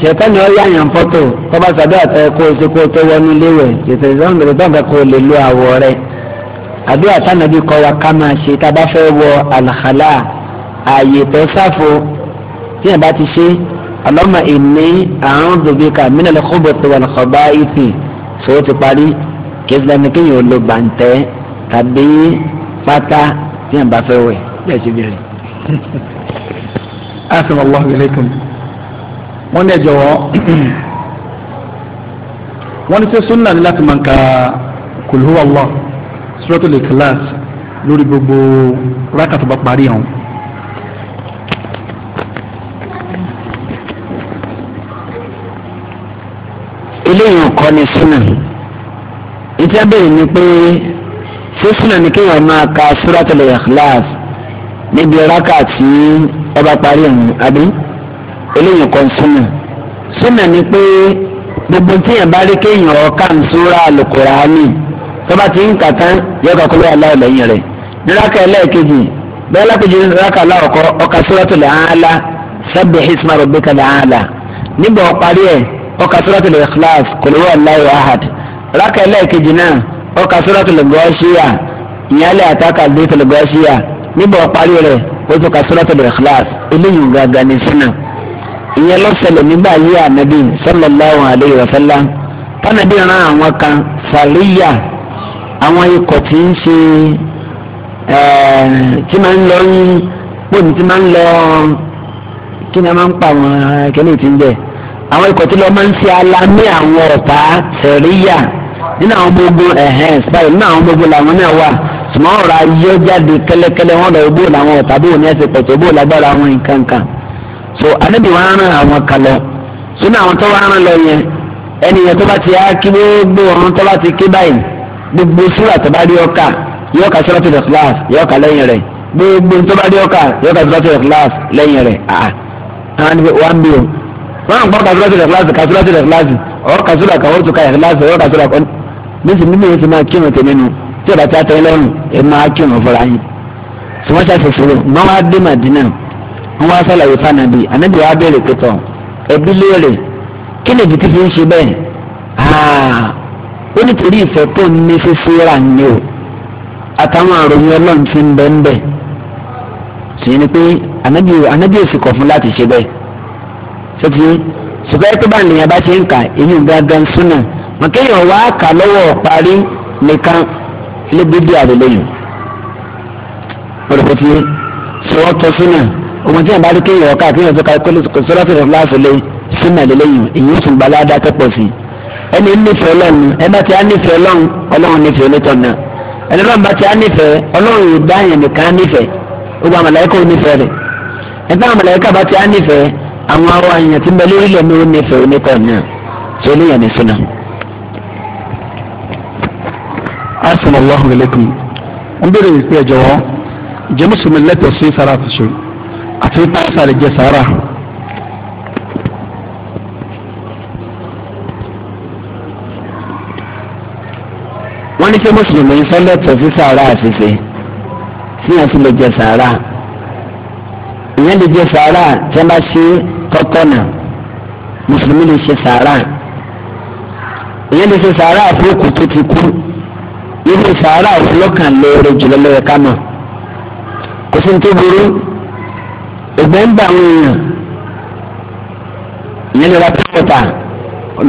ṣètò ni ó yáyàn fọ́tò tó bá sàdúrà tẹ kó o ṣe kó o tó wọnú léwẹ̀ ètò ìsọ́nù tó ń fẹ́ kó o lè lo àwọ̀ rẹ̀ àdúrà tánàbí kọ́ wa ká máa ṣe tá a bá fẹ́ wọ àlàkálà ààyè tó sáfo tí yẹn bá ti ṣe é Allahumma inni a'udhu bika minal khubuthi wal khaba'ithi fowó ti parí kéésìlá ni kéèyàn ò lo bàǹtẹ́ tàbí pátá tí yàn bá fẹ́ wẹ̀ bí ẹ ṣe bẹ̀rẹ̀. asan allah aleikum wọn ní ẹjọ wọ wọn ní sẹ sunna ni láti máa ń ka kulhu allah suratul ikhlas lórí gbogbo rákàtà bá parí ọ̀hún. eléyìí ò kọ́ ni súnà ìtẹ́ bẹ́ẹ̀ ni pé ṣé súnà ni kéèyàn máa ka suratul ikhlas níbi rákà tí ọba parí ẹ̀yìn àbí eléyìí kọ́ súnà súnà ni pé gbogbo tíyẹn bá rí kéèyàn ọ̀ka ń súra al-Qur'ani tó bá ti ń kà tán yọ ọkọ̀ kúlẹ̀ aláwọ̀ lẹ́yìn rẹ̀ ní rákà ẹlẹ́ẹ̀kejì bẹ́ẹ̀ lápèjì ní aláwọ̀ ọkà suratul ikhlas qul huwallahu ahad rákà ẹlẹ́ẹ̀kejì náà ọkà suratul ghashiya ìyálẹ̀ àtàkà suratul ghashiya níbọ̀ parí rẹ̀ ó tún ka suratul ikhlas eléyìí gàgà ní sínú ìyẹn ló ṣẹlẹ̀ nígbà yí ànábì sallallahu alayhi wa sallam tánàbí ran àwọn kan sàríyà àwọn ikọ̀ tí ń ṣe eh, tí máa ń lọ ń pò ní tí máa ń lọ kí ni a máa ń pa àwọn akẹ́lẹ́ eh, tí ń bẹ̀ àwọn ikọ̀ tí lọ́ọ́ máa ń ṣe alámì àwọn ọ̀tá sẹ̀ríyà nínú àwọn gbogbo ẹ̀hẹ́n sípàdé nínú àwọn gbogbo làwọn náà wà sùmọ́ ọ̀rọ̀ ayé jáde kẹ́lẹ́kẹ́lẹ́ wọn lọ bó làwọn ọ̀tá bó ní ẹsẹ̀ pẹ̀tẹ́ bó lágbára wọn nǹkan kan so anábì wọn rán àwọn kan lọ so ní àwọn tó wá rán lọ yẹn ẹnìyẹn tó bá ti á kí gbogbo ọ̀run tó bá ti kí báyìí gbogbo súrà tó bá rí ọkà yọkà sọ́rọ́tì rẹ̀ class yọkà lẹ́yìn rẹ̀ gbogbo tó bá rí ọkà yọkà sọ́rọ́tì rẹ̀ class lẹ́yìn rẹ̀ ah wọn àgbọn kasura ti rẹfilasi kasura ti rẹfilasi ọwọ kasura kàwọ tó ka rẹfilasi ọwọ kasura kọ bẹsẹ mímu yẹn ti máa kírun tẹmẹ nu tí ọba tí a tẹ lọrùn ẹ máa kírun fọlá yín sọmọṣà fòfòrò wọn wá dé màdínà wọn wá sàlàyé fànàbí ànábì wa béèrè pẹtọ ẹbí léèrè kí ni ìdíkì fi ń ṣe bẹ́ẹ̀ aa ó ní torí ìfẹ́ tó ń ní fífi rà ní o àtàwọn àròyìn Ọlọ́run ti ń bẹ ń bẹ sì ni pé ànábì òsì kọ̀ fún láti ṣe bẹ́ẹ̀ sọ́tí ṣùgbọ́n ẹgbẹ́ bá nìyẹn bá ṣe ń kà inú gángan súnà wọn kéèyàn wá kà lọ́wọ́ parí nìkan lébi bí àlelẹ́yìn pẹ̀lú tí sọ́wọ́ tọ́ súnà ọmọ tí yẹn bá rí kéèyàn ọ̀ka kéèyàn tó ka sọ́dọ̀ tó lọ́ọ́ fẹ́lẹ́ súnà lélẹ́yìn èyí sùn gbalá dá tẹ́pọ̀ sí ẹni nífẹ̀ẹ́ lọ́nu ẹgbẹ́ tí a nífẹ̀ẹ́ lọ́nu ọlọ́run nífẹ̀ẹ́ onítọ̀ náà ẹni lọ́nu bá tí a nífẹ̀ẹ́ ọlọ́run yóò nìkan nífẹ̀ẹ́ gbogbo àmàlẹ́kọ̀ nífẹ̀ẹ́ rẹ̀ ẹgbẹ́ àmàlẹ́kọ̀ bá tí a nífẹ̀ẹ́ àwọn àwọn àyàn tí ń bẹ lórílẹ̀ ní ó nífẹ̀ẹ́ oníkọ̀ náà tó léèyàn ní súnà. asalaamu alaykum n bẹ̀rẹ̀ ìpè ẹ̀jọ̀ wọn jẹ́ mùsùlùmí lẹ́tọ̀ọ́ sí sara àtúnṣe àti pàṣẹ àlejò sara. wọ́n ní kí mùsùlùmí sọ́lẹ̀tọ̀ sí sàárà àṣìṣe tí wọ́n sì lè jẹ sàárà ìyẹn lè jẹ sàárà tí wọ́n bá ṣe é tọ́tọ́nà mùsùlùmí lè ṣe sàárà ìyẹn lè ṣe sàárà fún òkú tó ti kú irú sàárà òfúlọ́kàn lóore jùlọ lóore kámọ̀ kò sí ní tó burú ẹgbẹ́ ń bá àwọn èèyàn ìyẹn lè ra pẹ́pẹ́ta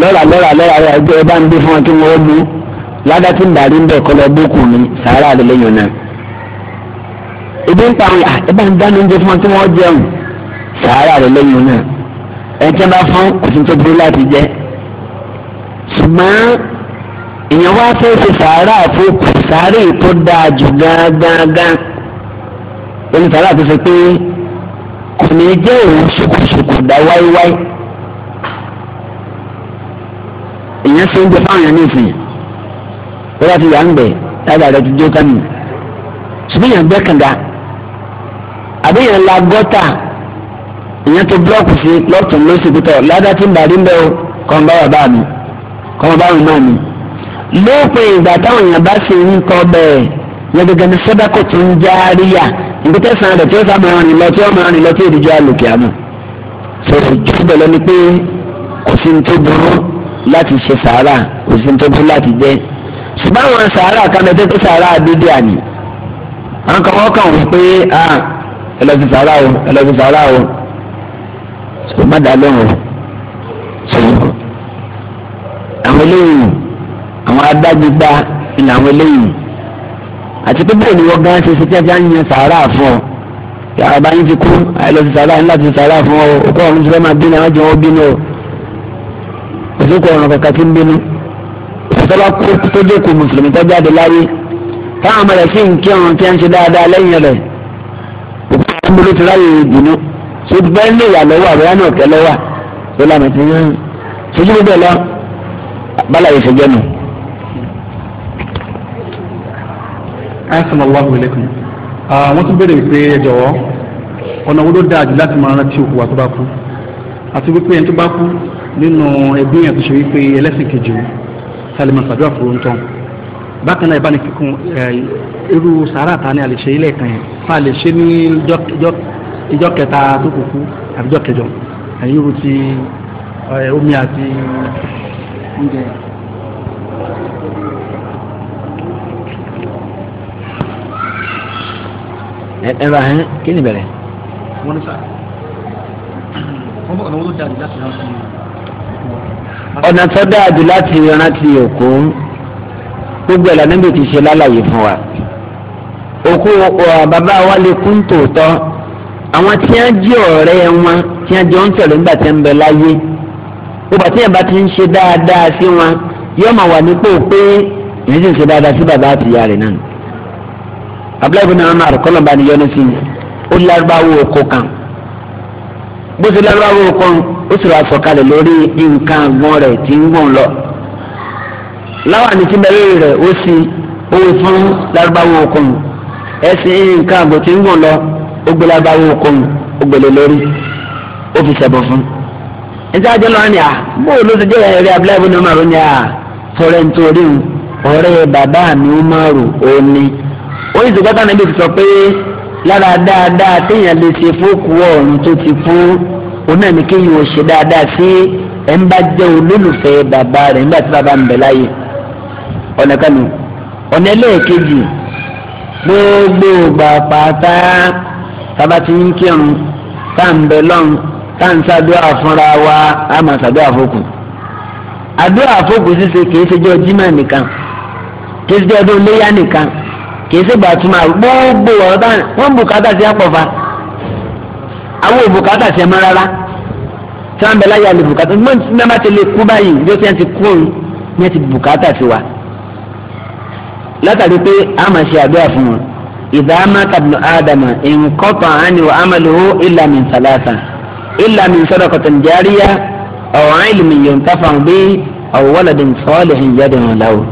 lọ́ra lọ́ra lọ́ra rẹ̀ ẹgbẹ́ ẹ bá ń bí fún wọn kí wọ́n mú ládá tí ń darí ń bẹ̀ kọ́ lọ bókù mi sàárà lẹ́yìn náà ẹgbẹ́ ń pa àwọn ẹ bá ń dáná oúnjẹ fún wọn kí wọ́n jẹun sàárà rẹ lẹ́yìn náà ẹni tí wọ́n bá fún òfin tó burú láti jẹ́ ṣùgbọ́n èèyàn wá fẹ́ ṣe sàárà fún sàárè tó dáa jù gángan ẹni sàárà tó ṣe pé kò ní jẹ́ òun ṣùkùṣùkù dá wáíwáí èèyàn ṣe ń jẹ fáwọn èèyàn nísìnyí wọ́n bá ti yà ń bẹ̀ lára rẹ ti jó kánú ṣùgbọ́n èèyàn gbẹ́ kànga àbí èèyàn la gọ́tà ìyẹn tó búlọ́ọ̀kù sí lọ́tún ló sì kútọ̀ ládá tí ń bàrí ń bẹ́ o kọ́n bá bàbá mi kọ́n bá wọn náà mi. lópin ìgbà táwọn èèyàn bá ṣe ń kọ́ bẹ́ẹ̀ yẹn gẹ́gẹ́ ni sọ́dákò tó ń já ríyà níbi tẹ̀sán rẹ̀ tí ó sábà rìn lọ tí ó máa rìn lọ tí ìdíjọ́ àlòkè àmọ́. sọ̀rọ̀ ìjọba lọ ni pé kò sí ní tó burú láti ṣe sàárà kò sí ní tó burú láti jẹ́ ṣùgbọ́n àwọn sàárà ah, o ẹ lọ o sọ má dá lóhùn sẹ́yìn àwọn eléyìí àwọn adágbégbá ni àwọn eléyìí àti pé bẹ́ẹ̀ ni wọ́n gán ṣe ṣe tí a fi ń yan sàárà fún ọ kí àwọn bá yín ti kú àìlọ sí sàárà ńlá ti sàárà fún ọ òkú ọ̀run ti fẹ́ máa bínú àwọn jẹ́ wọ́n bínú o òsìkò ọ̀run kankan ti ń bínú òsìkò kú tó dẹ́kun mùsùlùmí tó jáde láyé táwọn ọmọ rẹ̀ sì ń kí ọ̀run tí a ń ṣe dáadáa lẹ́yìn rẹ̀ òkú ọ̀run bolo ti ráyè dùnú sojú bẹ́ẹ̀ lè yà lọ́wọ́ àbúrò náà kẹ́ lọ́wọ́ tó lànà tí ń sojú bẹ́ẹ̀ lọ bala yìí fẹjọ́ nù. asan allahu alaykum wọ́n tún béèrè pé ẹ jọ̀wọ́ ọ̀nà wo ló dáa jù láti máa rántí òkú wa tó bá kú àti wípé ẹni tó bá kú nínú ẹbí yẹn tó ṣe wípé ẹlẹ́sìn kejì ni sálẹ̀mọ̀ sàdúrà fún oúnjẹ bákan náà ìbánikíkun irú sàárà ta ni a lè ṣe ilé ìtàn yẹn fa lè ṣe ní jọ́ ìjọ kẹta tó kúkú àbíjọ kẹjọ àyè irú ti omi àti oúnjẹ. ẹ bá hẹn kí ni bẹ̀rẹ̀. wọ́n ní sá wọ́n bọ̀ ọ̀nà owó jáde láti rántí òkú. ọ̀nà tó dáa jù láti rántí òkú gbogbo ẹ̀ lànà bí o ti ṣe lálàyé fún wa òkú bàbá wa lè kún tòótọ́ àwọn tí wọ́n jẹ́ ọ̀rẹ́ wọn tí wọ́n jọ ń tẹ̀lé ńgbà tí wọ́n bẹ láyé gbogbo àti ìyàbá ti ń ṣe dáadáa sí wọn yóò máa wà nípò pé ìyẹn ti ń ṣe dáadáa sí bàbá àti ìyá rẹ̀ náà abúlé ibùdó náà máa rò bá ní sí i ó lárúbáwò oko kan bó ṣe lárúbáwò oko ó sì rà sọ̀kalẹ̀ lórí nǹkan àgbọn rẹ̀ tí ń gbọ̀n lọ láwọn àti tìbẹ̀rẹ̀ rẹ̀ ó sì owó fún lárúbáwò oko ẹ̀sìn nǹkan àgbọn tí ń gbọ̀n lọ ó gbé lábáwó okun ó gbélé lórí ó fi ṣẹbọ fún. níta jẹ́ lọ́wọ́ ni à ah, bóò ló ti jẹ́ ẹ̀rí abúláìbó ni Umaru ni à ah, fọ́rẹ́ nítorí ọ̀rẹ́ bàbá mi Umaru òní. ó yìí sọ́kọ́tà níbi sọ pé lára dáadáa téèyàn lè ṣe fókù ọ̀run tó ti fún oní ẹ̀mí kéèyàn ò ṣe dáadáa sí ẹ̀ ń bá jẹ́ olólùfẹ́ bàbá rẹ̀ nígbà tí bàbá ń bẹ láyé ọ̀nà kanu ọ̀nà ẹlẹ́ẹ̀kejì gbogbo gbà pátá tába ti ń kírun tá à ń bẹ lọ́run tá ń ṣàdúrà fúnra wa á máa ṣàdúrà fókù àdúrà fókù ṣíṣe kìí ṣe jọ jimá nìkan kìí ṣe jọ ọdún léyà nìkan kìí ṣe gbà túmọ̀ gbogbo ọ̀rọ̀ táwọn wọn bùkátà sí àpọ̀fà àwọn òbùkátà sí ẹmọ rárá tí wọn bẹ láyé àlè bùkátà mọ ní ẹmọ ti lè kú báyìí bí ó ti ń ti kú òun ní ẹ ti bùkátà sí wa látàrí pé a máa ṣe àdúrà fún wọn. إذا مات ابن آدم انقطع عنه عمله إلا من ثلاثة إلا من صدقة جارية أو علم ينتفع به أو ولد صالح يدعو له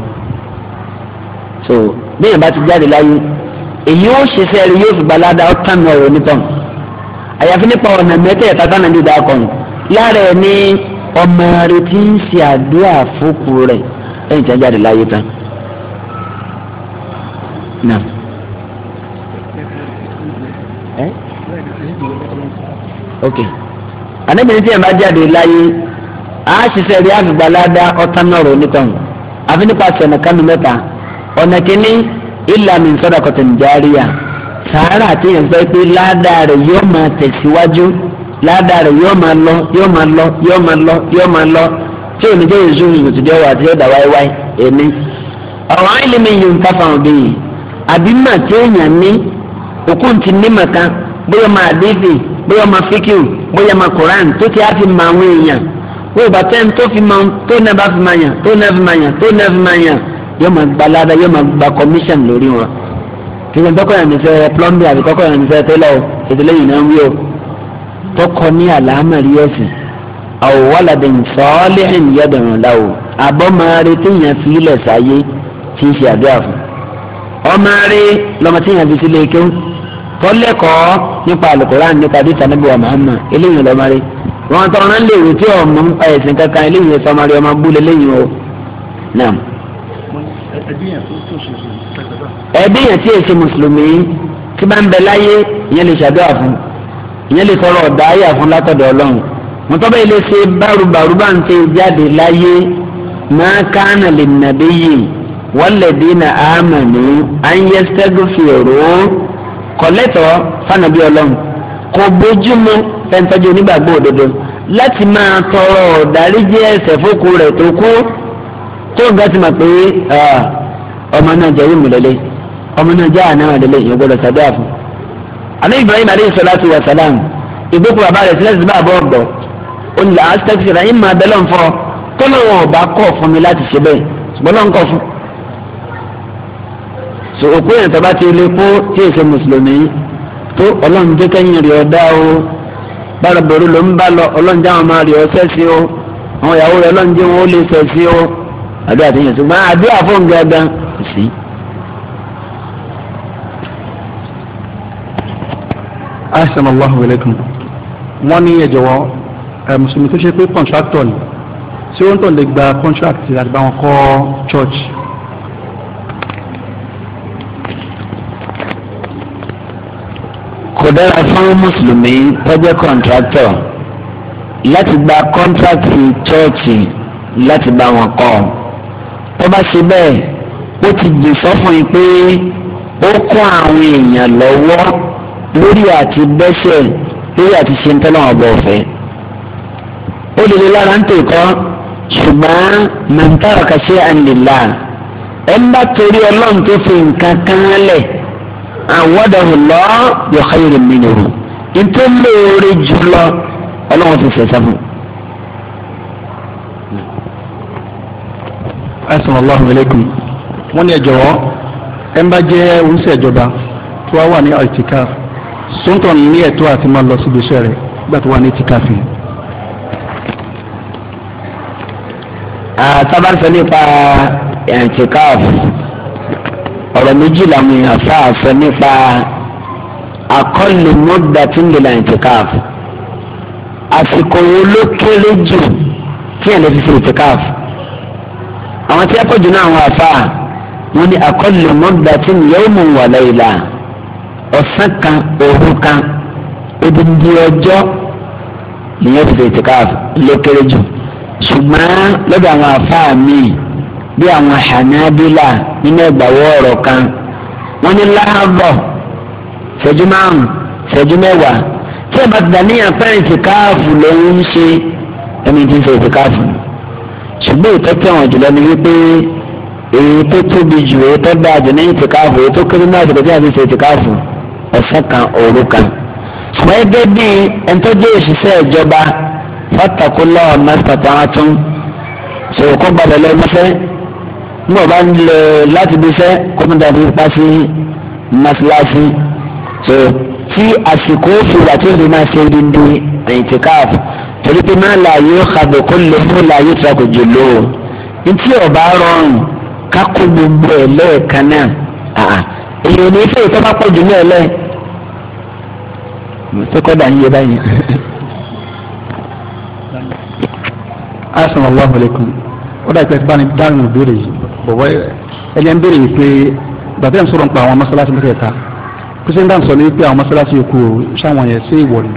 so bí yẹn bá ti jáde láyé èyí ó ṣiṣẹ́ rí yóò fi gbalada ó tàn mí ọ̀rọ̀ onítàn àyàfi nípa ọ̀nà mẹ́tẹ̀ẹ̀ta tánà dídá kan lára ẹ̀ ní ọmọ rẹ ti ń ṣe àdúrà fókù rẹ̀ lẹ́yìn tí wọ́n jáde láyé tán. ok anábìrin tí ẹ bá jáde láyé a ṣiṣẹ́ rí àgbègbè aládá ọ̀tá náà rò nítọ̀hún àfi nípasẹ̀ nìkanu mẹ́ta ọ̀nà kínní ìlànà sadaqatin jariya sàárà àti yẹn sọ pé ládàá rẹ̀ yóò máa tẹ̀síwájú ládàá rẹ̀ yóò máa lọ yóò máa lọ yóò máa lọ yóò máa lọ tí òní jẹ́ èso ìgbòtò jẹ́ wà tí ó dà wáíwáí èmi. ọ̀rọ̀ àìlèmí yìí ń káfà òbí yìí àbí mà tí èèyàn ní òkú ti ní màkà bóyá máa dé bèè bóyá ọmọ fíkìú bóyá ọmọ koran tó ti á fi mọ àwọn èèyàn wọ́n ìgbà tẹ́ni tó fi mọ tó náà bá fi mọ àyàn tó náà fi mọ àyàn tó náà fi mọ àyàn yóò máa gba ládàá yóò máa gba commission lórí wọn. kíkọ́ tọkọ yẹn nífẹ̀ẹ́ plumber àbí tọkọ yẹn nífẹ̀ẹ́ tẹ́lẹ̀ o ètò lẹ́yìn náà ń wí o tọkọ ní àlámọ̀rí ẹ̀sìn àwòwálàdé nsọ́ọ́lẹ́hìn yẹ́dọ̀rùn láwò àbọ̀mọ́rẹ́ téèyàn fi ilẹ̀ sáyé tí ń ṣe àdúrà fún ọmọ rẹ lọmọ téèyàn fi sílé kéwù kọ́lẹ́kọ̀ọ́ nípa alukoran nípa àdìsá níbi wa Muhammad eléyìí lọ́mọ rí wọn tọrọ náà lè rò tí ọmọ ń pa ẹ̀sìn kankan eléyìí sọmọ rí ọmọ búlẹ̀ lẹ́yìn o náà. ẹbí yẹn tí èsì mùsùlùmí tí bá ń bẹ láyé ìyẹn lè ṣàdúrà fún ìyẹn lè tọrọ ọ̀dà ayà fún látọ̀dọ̀ Ọlọ́run wọn tọ́ bẹ́ẹ̀ lè ṣe bárúbárú bá ń ṣe jáde láyé máa kánà lè nàbẹ́yì wọ́n lè dín kọ̀lẹ́tọ̀ fànàbí ọlọ́run kò bójúmu fẹ́ntọ́jú onígbàgbọ́ òdodo láti máa tọrọ ọ̀dáríjì ẹ̀ṣẹ̀ fókù rẹ̀ tó kú tó ń gàtí mà pé ọmọ náà jẹ́ wíìmù lélẹ̀ ọmọ náà jẹ́ àná lélẹ̀ ìyẹn gbọ́dọ̀ sàdúrà fún. àmì Ibrahim aleyhi salatu wa salam ìgbókùn bàbá rẹ̀ sílẹ̀ síbà bọ́ ọ̀gbọ̀ olùlà aspect rẹ̀ ìmọ̀ abẹ́lẹ̀ ń fọ kọ́lọ́wọ̀n ọ̀bá kọ̀ fún mi láti ṣe bẹ́ẹ̀ ṣùgbọ́n náà fún so òkú yẹn tó bá ti lè kú tí èsè mùsùlùmí tó ọlọ́run jẹ́ kẹ́yìn rí ọ̀dá o bárabẹ̀rù ló ń bá lọ ọlọ́run jáwọn máa rí ọsẹ́ sí o àwọn ìyàwó rẹ̀ ọlọ́run jẹ́ wọn ó lè sọ sí o àdúrà tó ṣùgbọ́n àdúrà fún gángan kò sí. assalamu alaikum alaikum wọ́n ní ẹ̀jọ̀ wọ́n mùsùlùmí tó ṣe pé contractor ni ṣé wọ́n tó lè gba contract láti bá wọn church. kò dára fún mùsùlùmí tọ́jẹ́ kọ̀ǹtrátọ̀ láti gba kọ́ńtrákì chọ́ọ̀chì láti bá wọn kọ́ tó bá ṣe bẹ́ẹ̀ ó ti dì sọ́fún yìí pé ó kún àwọn èèyàn lọ́wọ́ lórí àti bẹ́sẹ̀ lórí àti ṣe ń tọ́lọ́ ọ̀bọ̀ ọ̀fẹ́ ó lè lè lára ń tèkọ́ ṣùgbọ́n mẹ́ńtàrọ̀ kàṣẹ́ àǹdìlá ẹ̀ ń bá torí ọlọ́run tó fi nǹkan kan lẹ̀ àwọ̀dàhù lọ yọ káyọ̀rọ̀ mi nìyẹn ntẹ́ lóore jùlọ ọlọ́run ti fẹ̀sẹ̀ fún. asalaamu alaykum wọ́n ní ẹ jọ̀wọ́ ẹ ń bá jẹ́ oníṣẹ́ ìjọba tó wá wà ní altikaf sóńtọ̀ ní ẹ̀tọ́ àti máa lọ síbi iṣẹ́ rẹ̀ nígbà tó wà ní tìkàfì. àtàbàṣẹ́ nípa altikaf ọ̀rọ̀ méjì làwọn èèyàn fàáfẹ́ nípa akọ́lù mọ́dà tí ń lè ìtìkáf àsìkò wo ló kéré jù tí ẹ̀ lè fi ṣe ìtìkáf àwọn tí ẹ̀kọ́ jù náà àwọn àfa wọn ni akọ́lù mọ́dà tí ń yẹ òmù wà láyìlá ọ̀sán kan òru kan odindi ọjọ́ nìyẹn fi ṣe ìtìkáf ló kéré jù ṣùgbọ́n lọ́dọ̀ àwọn àfa míì bí àwọn hanabila nínú ẹgbàwọ ọ̀rọ̀ kan wọn ní láàbọ ṣẹ́jú márùn ṣẹ́jú mẹ́wàá tí ọba ti dàníyàn pẹ́rẹ́ǹtì káàfù lòún ń ṣe ẹni tí ń ṣe ètò káàfù ṣùgbọ́n ìtọ́tí àwọn jùlọ ni wípé èyí tó tóbi jù èyí tó dáa jù ní ètò káàfù èyí tó kéré náà ṣètò tí a ṣe ètò ọ̀sán kan òru kan ṣùgbọ́n ẹgbẹ́ bíi ẹni tó jẹ́ òṣìṣẹ́ ìjọba fatakulọ́ ṣòwò kó gbàdọ̀ lọ́mọ́fẹ́ nígbà bá ń lọ láti bí sẹ́ kó tó dàbí pa sí masilasi so tí àsìkò fìlà tó lè máa ṣe dídí ìtìkáàf torí pé máa láàyè ọ̀kadà kó lè mú láàyè ìtìkáàf jù lọ ntí ọba rọrùn kákó gbogbo ẹ̀ lẹ́ẹ̀kan náà èyí ò ní fẹ́ ìtọ́ bá pọ̀ jù náà lẹ́ẹ̀ sọkọ́dà ń yé báyìí. assalamu alaikum ó dàgbẹ́ bá ní dáhùn ìbéèrè yìí bọ̀wọ́ ẹni ń béèrè pé bàtẹ́ ń sọ̀rọ̀ ń pa àwọn mọ́sálásí mẹ́tẹ̀ẹ̀ta kristian dan sọ ni, pé àwọn mọ́sálásí yòókù sáwọn yẹn sí ìwọ̀ ni.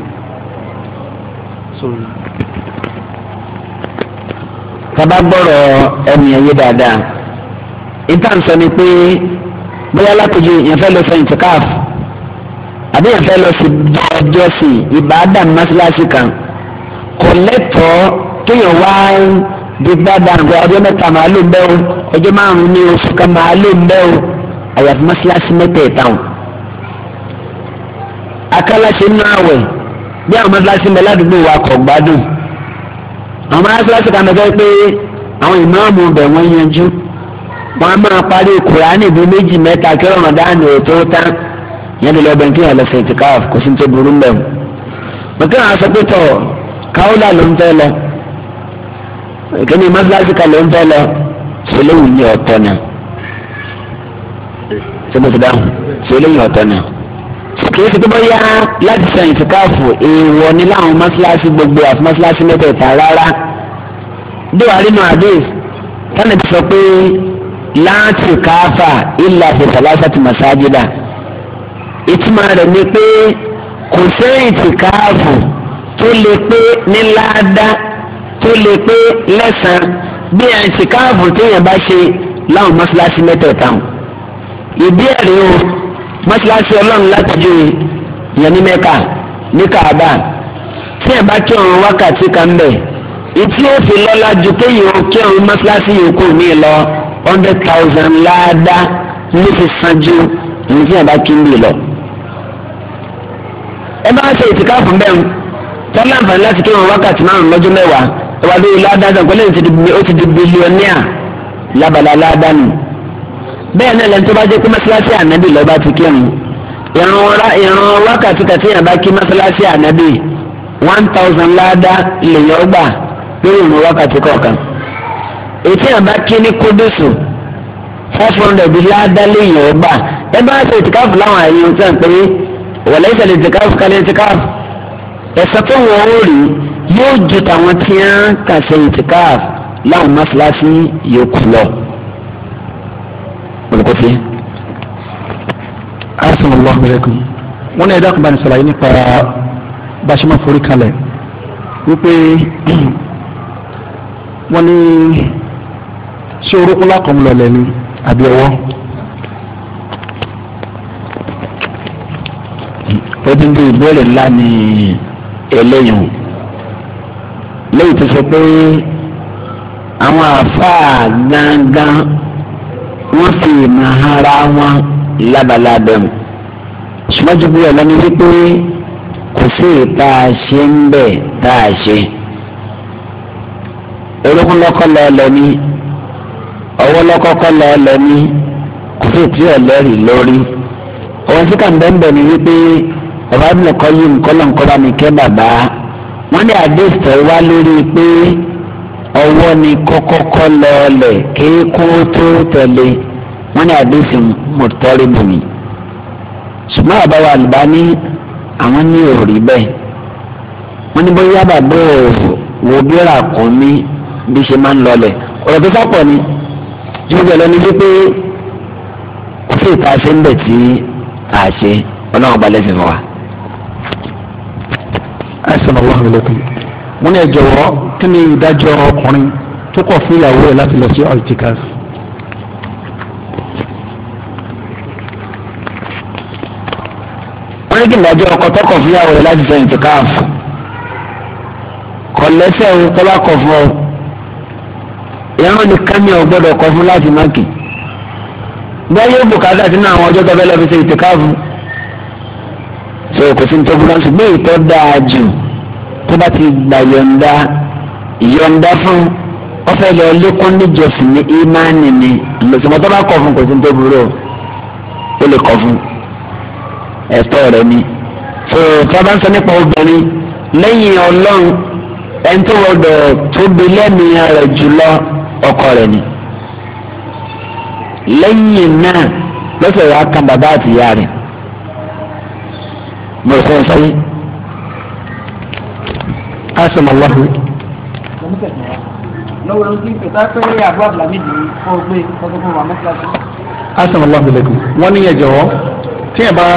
tábà gbọ́rọ̀ ẹni ẹ̀yẹ dáadáa ìtàn sọ ni pé bóyá lápèjì yẹn fẹ́ lọ sẹ́yìn tìkáàf àbí yẹn fẹ́ lọ sí ọjọ́ sí ìbáàdà kan kò lẹ́tọ̀ọ́ kéèyàn wá gbígbá dàgbà ọjọ́ mẹ́ta máa lò ń bẹ́ o ọjọ́ márùn-ún ní oṣù kan máa lò ń bẹ́ o àyàfi mọ́ṣáláṣí mẹ́tẹ̀ẹ̀ta o. akálàṣe nínú àwẹ̀ bí àwọn mọ́ṣáláṣí mẹ́ ládùúgbò wa kọ̀ gbádùn àwọn mọ́ṣáláṣí kan mẹ́tẹ́ pé àwọn ìmáàmù bẹ̀ wọ́n yanjú wọ́n á máa parí kùránì bíi méjì mẹ́ta kí ọ̀ràn dáhùn ètò tán yẹn lè lọ bẹ̀rẹ̀ kí ìyàlẹ́sẹ̀ ìtìkáàf kò sí ní tó burú mẹ́wọ̀n. mọ̀kẹ́ àwọn aṣọ pé tọ̀ káwọ́lá ló ń tẹ́ lọ kíni mọ́tíláṣí kalẹ̀ ń fẹ́ lọ ṣẹlẹ́wù ní ọ̀tọ̀ náà ṣẹlẹ́wù ṣẹlẹ́wù ọ̀tọ̀ náà kì í ṣe tó bá yá láti san ìtìkáàfù èèwọ̀ ní láwọn mọ́tíláṣí gbogbo àti mọ́tíláṣí mẹ́tẹ̀ẹ̀ta rárá bí wàá rí nù àdéhùn tánà ti sọ pé láti káfà ìlà fèsàlásà ti màsáájídà ìtumọ̀ rẹ̀ ni pé kò sẹ́yìn ìtìkáàfù tó lè pé ní ládàá tó lè pé lẹ́sàn-án bí àìsí káàbù téèyàn bá ṣe láwọn mọ́ṣáláṣí mẹ́tẹ̀ẹ̀ta hàn. ìbéèrè o mọ́ṣáláṣí ọlọ́run látọjú yẹn ní mẹ́kà ní káàbà téèyàn bá kí ọ̀run wákàtí kan bẹ̀ ìtí ó fi lọ́lá ju kéèyàn kí ọ̀run mọ́ṣáláṣí yòókù mi lọ hundred thousand láàdá ló fi san ju ìyẹn téèyàn bá kí ń bì lọ. ẹ bá ṣe ìtìkáàfù bẹ́ẹ̀ tọ́lá àǹfààní láti kí ọ̀run wákàtí márùn-ún lọ́jọ́ mẹ́wàá tọ́ba dé ládàá pẹ̀lú ó ti di bílíọ̀nìà lábala ládàá nù bẹ́ẹ̀ náà lẹ́nu tó bá jẹ́ pé mọ́sálásí ànábì lọ́ba ti kírun ìrun wákàtí kàtí yàn bá kí mọ́sálásí ànábì one thousand ládàá lèyàn ọgbà lórí ìrun wákàtí kọ̀ọ̀kan ètí yàn bá kí ní kúdùsù five hundred ládàá lèyàn ọgbà ẹ bá ṣe ìtìkáfù láwọn àyè ohun tí wọ́n wọ̀lẹ́sẹ̀ lè tìkáfù kálẹ̀ tìkáfù ẹ̀sán tó wọ́n rí yóò ju tàwọn tí wọ́n kà ṣe ìtìkáf láwọn mọ́ṣáláṣí yòókù lọ. olùkọ́sí. assalamu alaikum wọ́n ní ẹ̀dá kan bá ní sọ̀rọ̀ yìí nípa bá a ṣe máa forí kalẹ̀ wípé wọ́n ní ṣé orúkún lákàn lọlẹ̀ ni àbí ọwọ́. ó dín bí ìbéèrè ńlá ni eléyìí lẹ́yìn tó ṣe pé àwọn àáfàá gángan wọ́n fi máa ara wọn lábalábẹ́mu ṣùgbọ́n jù bóyá lọ́ni wípé kò sí ìta ṣe ń bẹ̀ tá a ṣe orúkún lọ́kọ́ lọ lẹ́ni ọwọ́ lọ́kọ́kọ́ lọ lẹ́ni kò sí ìtí ẹ̀lẹ́rìí lórí ọ̀wọ́n síkà ń bẹ́ẹ̀ bẹ́ẹ̀ ni wípé ọ̀bá mi kọ́ yìí ń lọ́nkọ́ bá mi kẹ́ bàbá wọ́n ní àdéhùn wá lórí pé ọwọ́ ni kọ́kọ́kọ́ lọ́ọ̀lẹ̀ kéékó tó tẹ̀lé wọ́n ní àdéhùn mọ̀tọ́rí bùnmi ṣùgbọ́n àbáwá àlùbáni àwọn ní òòrí bẹ́ẹ̀ wọ́n ní bóyá bàbá wo bíra kún mi bí ṣe máa ń lọlẹ̀ ọ̀rọ̀ tó sápọ̀ ni jíjẹ lọ ní wípé kò sí ṣe ń bẹ̀ tí àṣe ọlọ́run balẹ̀ fi fún wa àìsàn ọlọ́run lókè wọ́n ní ẹ jọ̀wọ́ kí ni ìdájọ́ ọkùnrin tó kọ̀ fún ìyàwó ẹ̀ láti lọ sí altikaz. wọ́n ní kí ni ìdájọ́ ọkọ tó kọ̀ fún ìyàwó ẹ̀ láti sọ altikaz kọ̀ lẹ́sẹ̀ ń tọ́lá kọ̀ fún ọ ìyàwó ni ọ gbọ́dọ̀ kọ̀ fún láti má bẹ́ẹ̀ yóò bùkátà sínú àwọn ọjọ́ tó fẹ́ lọ fi ṣe ìtìkáàfù kò sí nítorí kan ṣùgbọ́n ìtọ́ dáa jù tó bá ti gbà yọ̀ǹda yọ̀ǹda fún ọ̀fẹ́ lọ lékún níjọsìn ní ìmánì ni lòsùnmọ́ tó bá kọ̀ fún kò sí nítorí burú ó lè kọ̀ fún ẹ̀tọ́ rẹ̀ ni. tó tábà ń sọ nípa obìnrin lẹ́yìn ọlọ́run ẹni tó wọ́dọ̀ tóbi lẹ́mìí rẹ̀ jùlọ ọkọ rẹ̀ ni. lẹ́yìn náà lọ́sọ̀rọ̀ á kan bàbá àtìyá rẹ̀. مرتين طيب قسم الله قسم الله لكم wọ́n ní ẹ̀jọ̀ tí ẹ̀ bá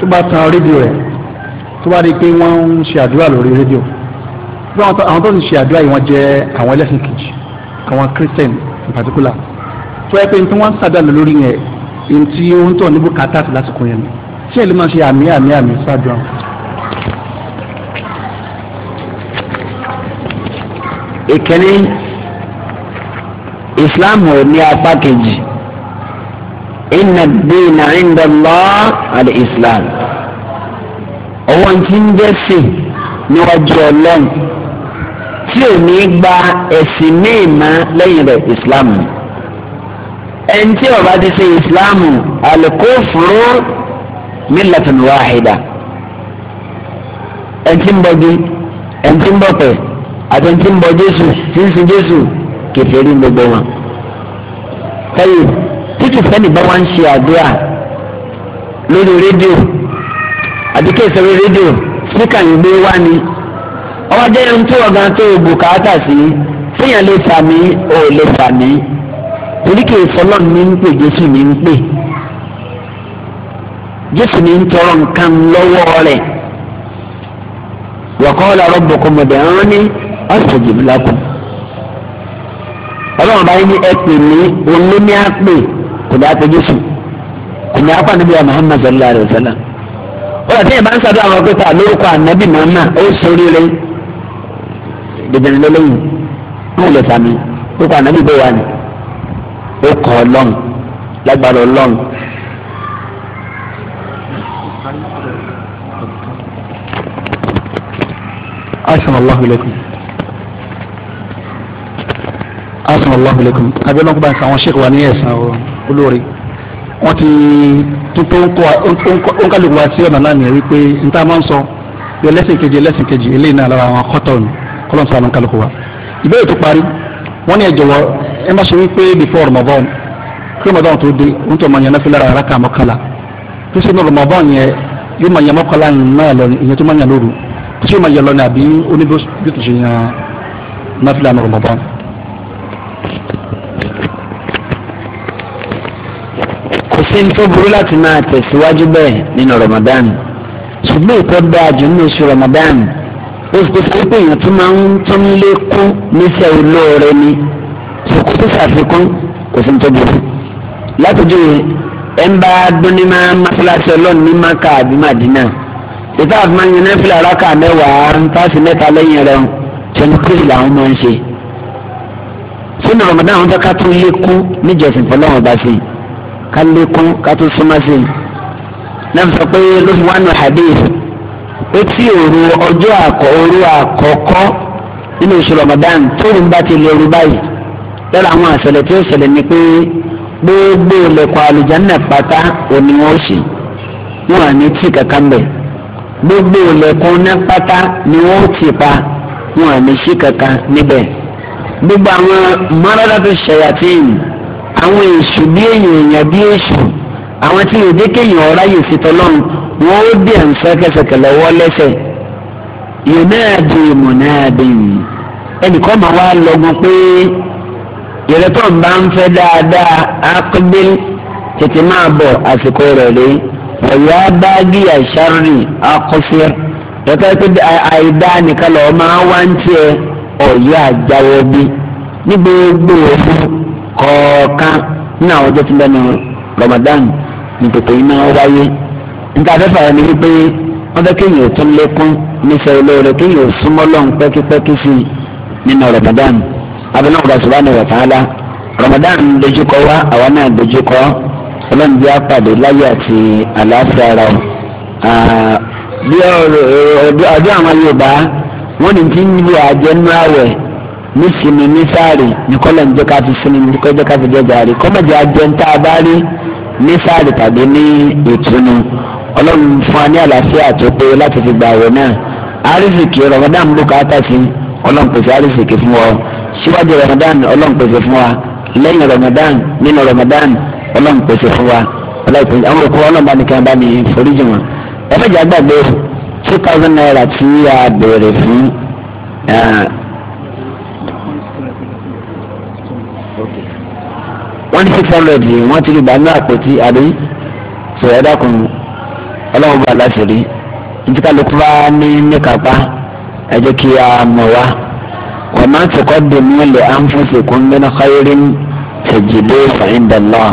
tó bá tan rédíò rẹ̀ tó bá rí i pé wọ́n ń ṣe àdúrà lórí rédíò bí àwọn tó ń ṣe àdúrà yìí wọ́n jẹ́ àwọn ẹlẹ́sìn kejì àwọn christian in particular tó yẹ pé tí wọ́n ń ṣàdúrà lórí yẹn èyí tí ó ń tọ̀ níbùkátà sí ṣé ẹ lè máa ṣe àmì àmì àmì ṣáájú ìkíní islam ò ní apá kejì inna dina inda Allah al-islam ọwọ́ tí ń jẹ́ sí níwájú ọlọ́run tí ò ní gba ẹ̀sìn míì mọ́ lẹ́yìn rẹ̀ islam ẹni tí ó ti ṣe islam al mílàtún wáhídà ẹ̀ntì ń bọ̀dí ẹ̀ntì ń bọ̀pẹ̀ àti ẹ̀ntì ń bọ̀ jésù sínsì jésù kẹfẹ́rí gbogbo wọn. ẹyẹ títí sẹ́ni bá wá ń ṣe àdúrà lórí rédíò àdúkẹ́ ìsọ̀rọ̀ rédíò síkà ń gbé wá ni ọwọ́ jẹ́ ohun tí ọ̀gá tó bùkátà sí fíyàn lè sàmì ò lè sàmì torí kì í sọlọ́ọ̀ ń pè jésù ní ń pè jésù ní ń tọrọ nǹkan lọ́wọ́ rẹ̀ waqala rabbukum ud'uni astajib lakum ọlọ́run báyìí ní ẹ̀pẹ̀ ní olómi àpè kò ní àpè jésù kò ní àpà níbi àwọn Muhammad sallallahu alayhi wa sallam ó yà sẹ́yìn bá ń sàdúrà àwọn pípa lórúkọ ànábì mọ́mà ó sórí rẹ̀ ó lè sàmì lórúkọ ànábì bó wà ní ó kọ́ ọlọ́run lágbára ọlọ́run. asan allah ilaykum asan allah ilaykum abẹ́lẹ́ ọkùnrin àwọn sheikh wa ní ẹ̀sán olórí wọ́n ti tún pé ó ń kálukú wa sí ọ̀nà náà nìyẹn wípé n tá a máa ń sọ bí ẹlẹ́sìn kejì ẹlẹ́sìn kejì eléyìí náà lára àwọn akọ́tọ̀ ni kọ́lọ́n sọ àwọn kálukú wa ìbéèrè tó parí wọ́n ní ẹ jọ̀wọ́ ẹ má ṣe wípé before Ramadan kí Ramadan tó dé ń tọ́ ma yẹn náà fi lára ara kà mọ́kànlá tó ṣe ní Ramadan yẹn yóò ma yẹn mọ́kànlá náà lọ ìyẹn tó ma yẹn lóru tí o máa yẹ lọ ní àbí oníbó bí o ti ṣe yan náfìlà ní Ramadan. kò sí ní tó burú láti máa tẹ̀síwájú bẹ́ẹ̀ nínú Ramadan ṣùgbọ́n ìtọ́ dáa jù nínú oṣù Ramadan oṣù tó fi pé èèyàn tó máa ń tó ń lékún níṣẹ́ olóore ni ṣùkú tó ṣàfikún kò sí ní tó burú látọjú ẹ ń bá dún ní máa ń mọ́ṣáláṣí ọlọ́run ní Mákà àbí Màdínà ìta àfihàn yẹn náà fìlà rákà mẹ́wàá ntaasi mẹ́ta lẹ́yìn rẹ̀ twenty three làwọn máa ń ṣe sínú Ramadan àwọn ká tún lékún níjọsìn fọlọ́wọ́n ọba sí ká lékún ká tún súnmọ́ sí náà sọ pé ló fi wá nù hadith pé tí òru ọjọ́ àkọ́ òru àkọ́kọ́ nínú oṣù Ramadan tó ń bá ti lè ru báyìí lọ́la àwọn àṣẹlẹ̀ tí ó ṣẹlẹ̀ ni pé gbogbo ilẹ̀kùn àlùjánnà pátá òní wọn ó sì wọn à ní tí kankan bẹ́ẹ̀ gbogbo ìlẹ̀kùn náà pátá ni wọ́n ti pa wọn àmì sí kankan níbẹ̀ gbogbo àwọn mọ́rọ́dọ́tò ṣẹ̀yàtìn àwọn èṣù bí èèyàn èèyàn bí èṣù àwọn tí yòó dékè èèyàn ọ̀rá yìí fi tọ́lọ́run wọn ó dé àǹsẹ́ kẹsẹ̀kẹ̀ lọ́wọ́ lẹ́sẹ̀ yòó náà di ìmọ̀ náà dé yìí ẹnìkan máa wá lọ́gbọ́n pé ìrẹ́tọ̀ ń bá ń fẹ́ dáadáa á pẹ́ gbé tètè máa bọ̀ àsìkò rẹ̀ lé ọ̀yà bá gíyà sáré akọ́fẹ́ ẹ̀ka pé àìdá nìkan lọ́ọ́ máa wá ń tiẹ̀ ọ̀yà àjáwọ́ bí ní gbogbo òfin kọ̀ọ̀kan ní àwọn ọjọ́ tí lẹ́nu Ramadan ní tètè iná wáyé nǹkan afẹ́fẹ́ rẹ̀ ni wípé wọ́n fẹ́ kéèyàn tún lékún nífẹ̀ẹ́ olóore kéèyàn súnmọ́ lọ́n pẹ́kípẹ́kí sí nínú Ramadan abẹ́nú ọ̀gá subhanahu wa Ramadan dojúkọ wá àwa náà dojúkọ ọlọ́run jẹ́ àpàdé láyé àti àlàáfíà ara ọ̀ bí ọjọ́ àwọn Yorùbá wọ́n ní tí ń lu àjẹnú àwẹ̀ ní sinmi ní sáàrì ní kọ́lọ̀ ní jẹ́ ká fi sinmi ní kọ́jọ́ ká fi jẹ́ gàrí kọ́mọ̀jẹ́ àjẹntà bá rí ní sáàrì tàbí ní ìtùnú ọlọ́run fún wa ní àlàáfíà tó pé láti fi gba àwẹ̀ náà àrísìkì Ramadan bùkátà sí ọlọ́run pèsè àrísìkì fún wa síwájú Ramadan ọlọ́run pèsè fún wa lẹ́yìn Ramadan nínú Ramadan ọlọ́run pèsè fún wa ọlọ́run àwọn òkú ọlọ́run bá nìkan bá ní foríjì wọn. ẹ fẹ́ jà gbàgbé two thousand naira tí a béèrè fún. wọ́n ní six hundred yìí wọ́n ti rí gbà ní àpótí àdé sọ̀rọ̀ ẹ̀dá kan ọlọ́run bá láṣẹ rí ntika lukuba ní níkàpá ẹ jẹ́ kí a mọ̀ wá wọ́n máa ń sọ̀kọ́ dèmí lè anfusikum min khairin tajidu fa inda Allah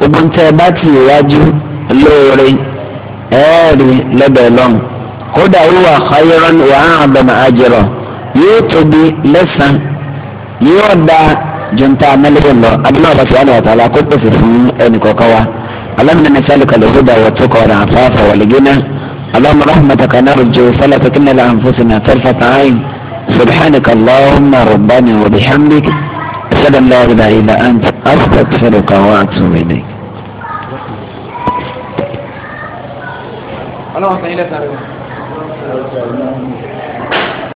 gbogbo ń tẹ́ bá ti wájú lóore ẹ̀ẹ́rì lọ́bẹ̀ lọ́n kódà wíwà khayran wà á àbẹ̀mọ̀ àjẹrọ̀ yóò tóbi lẹ́sàn yóò da jùntà mẹ́lẹ́dẹ̀ lọ abúlé ọ̀bà sọ̀rọ̀ àwọn àtàlà kó pèsè fún ẹnì kọ̀ọ̀kan wa alámìnà ní sálùkà lóko dà wọ́n tó kọ̀ọ̀rọ̀ àfáàfà wàlígínà اللهم رحمتك نرجو فلا تكلنا لانفسنا طرفة عين سبحانك اللهم ربنا وبحمدك أشهد أن لا إله إلا أنت أستغفرك وأتوب إليك ọlọ́run sọ yín lẹ́sàn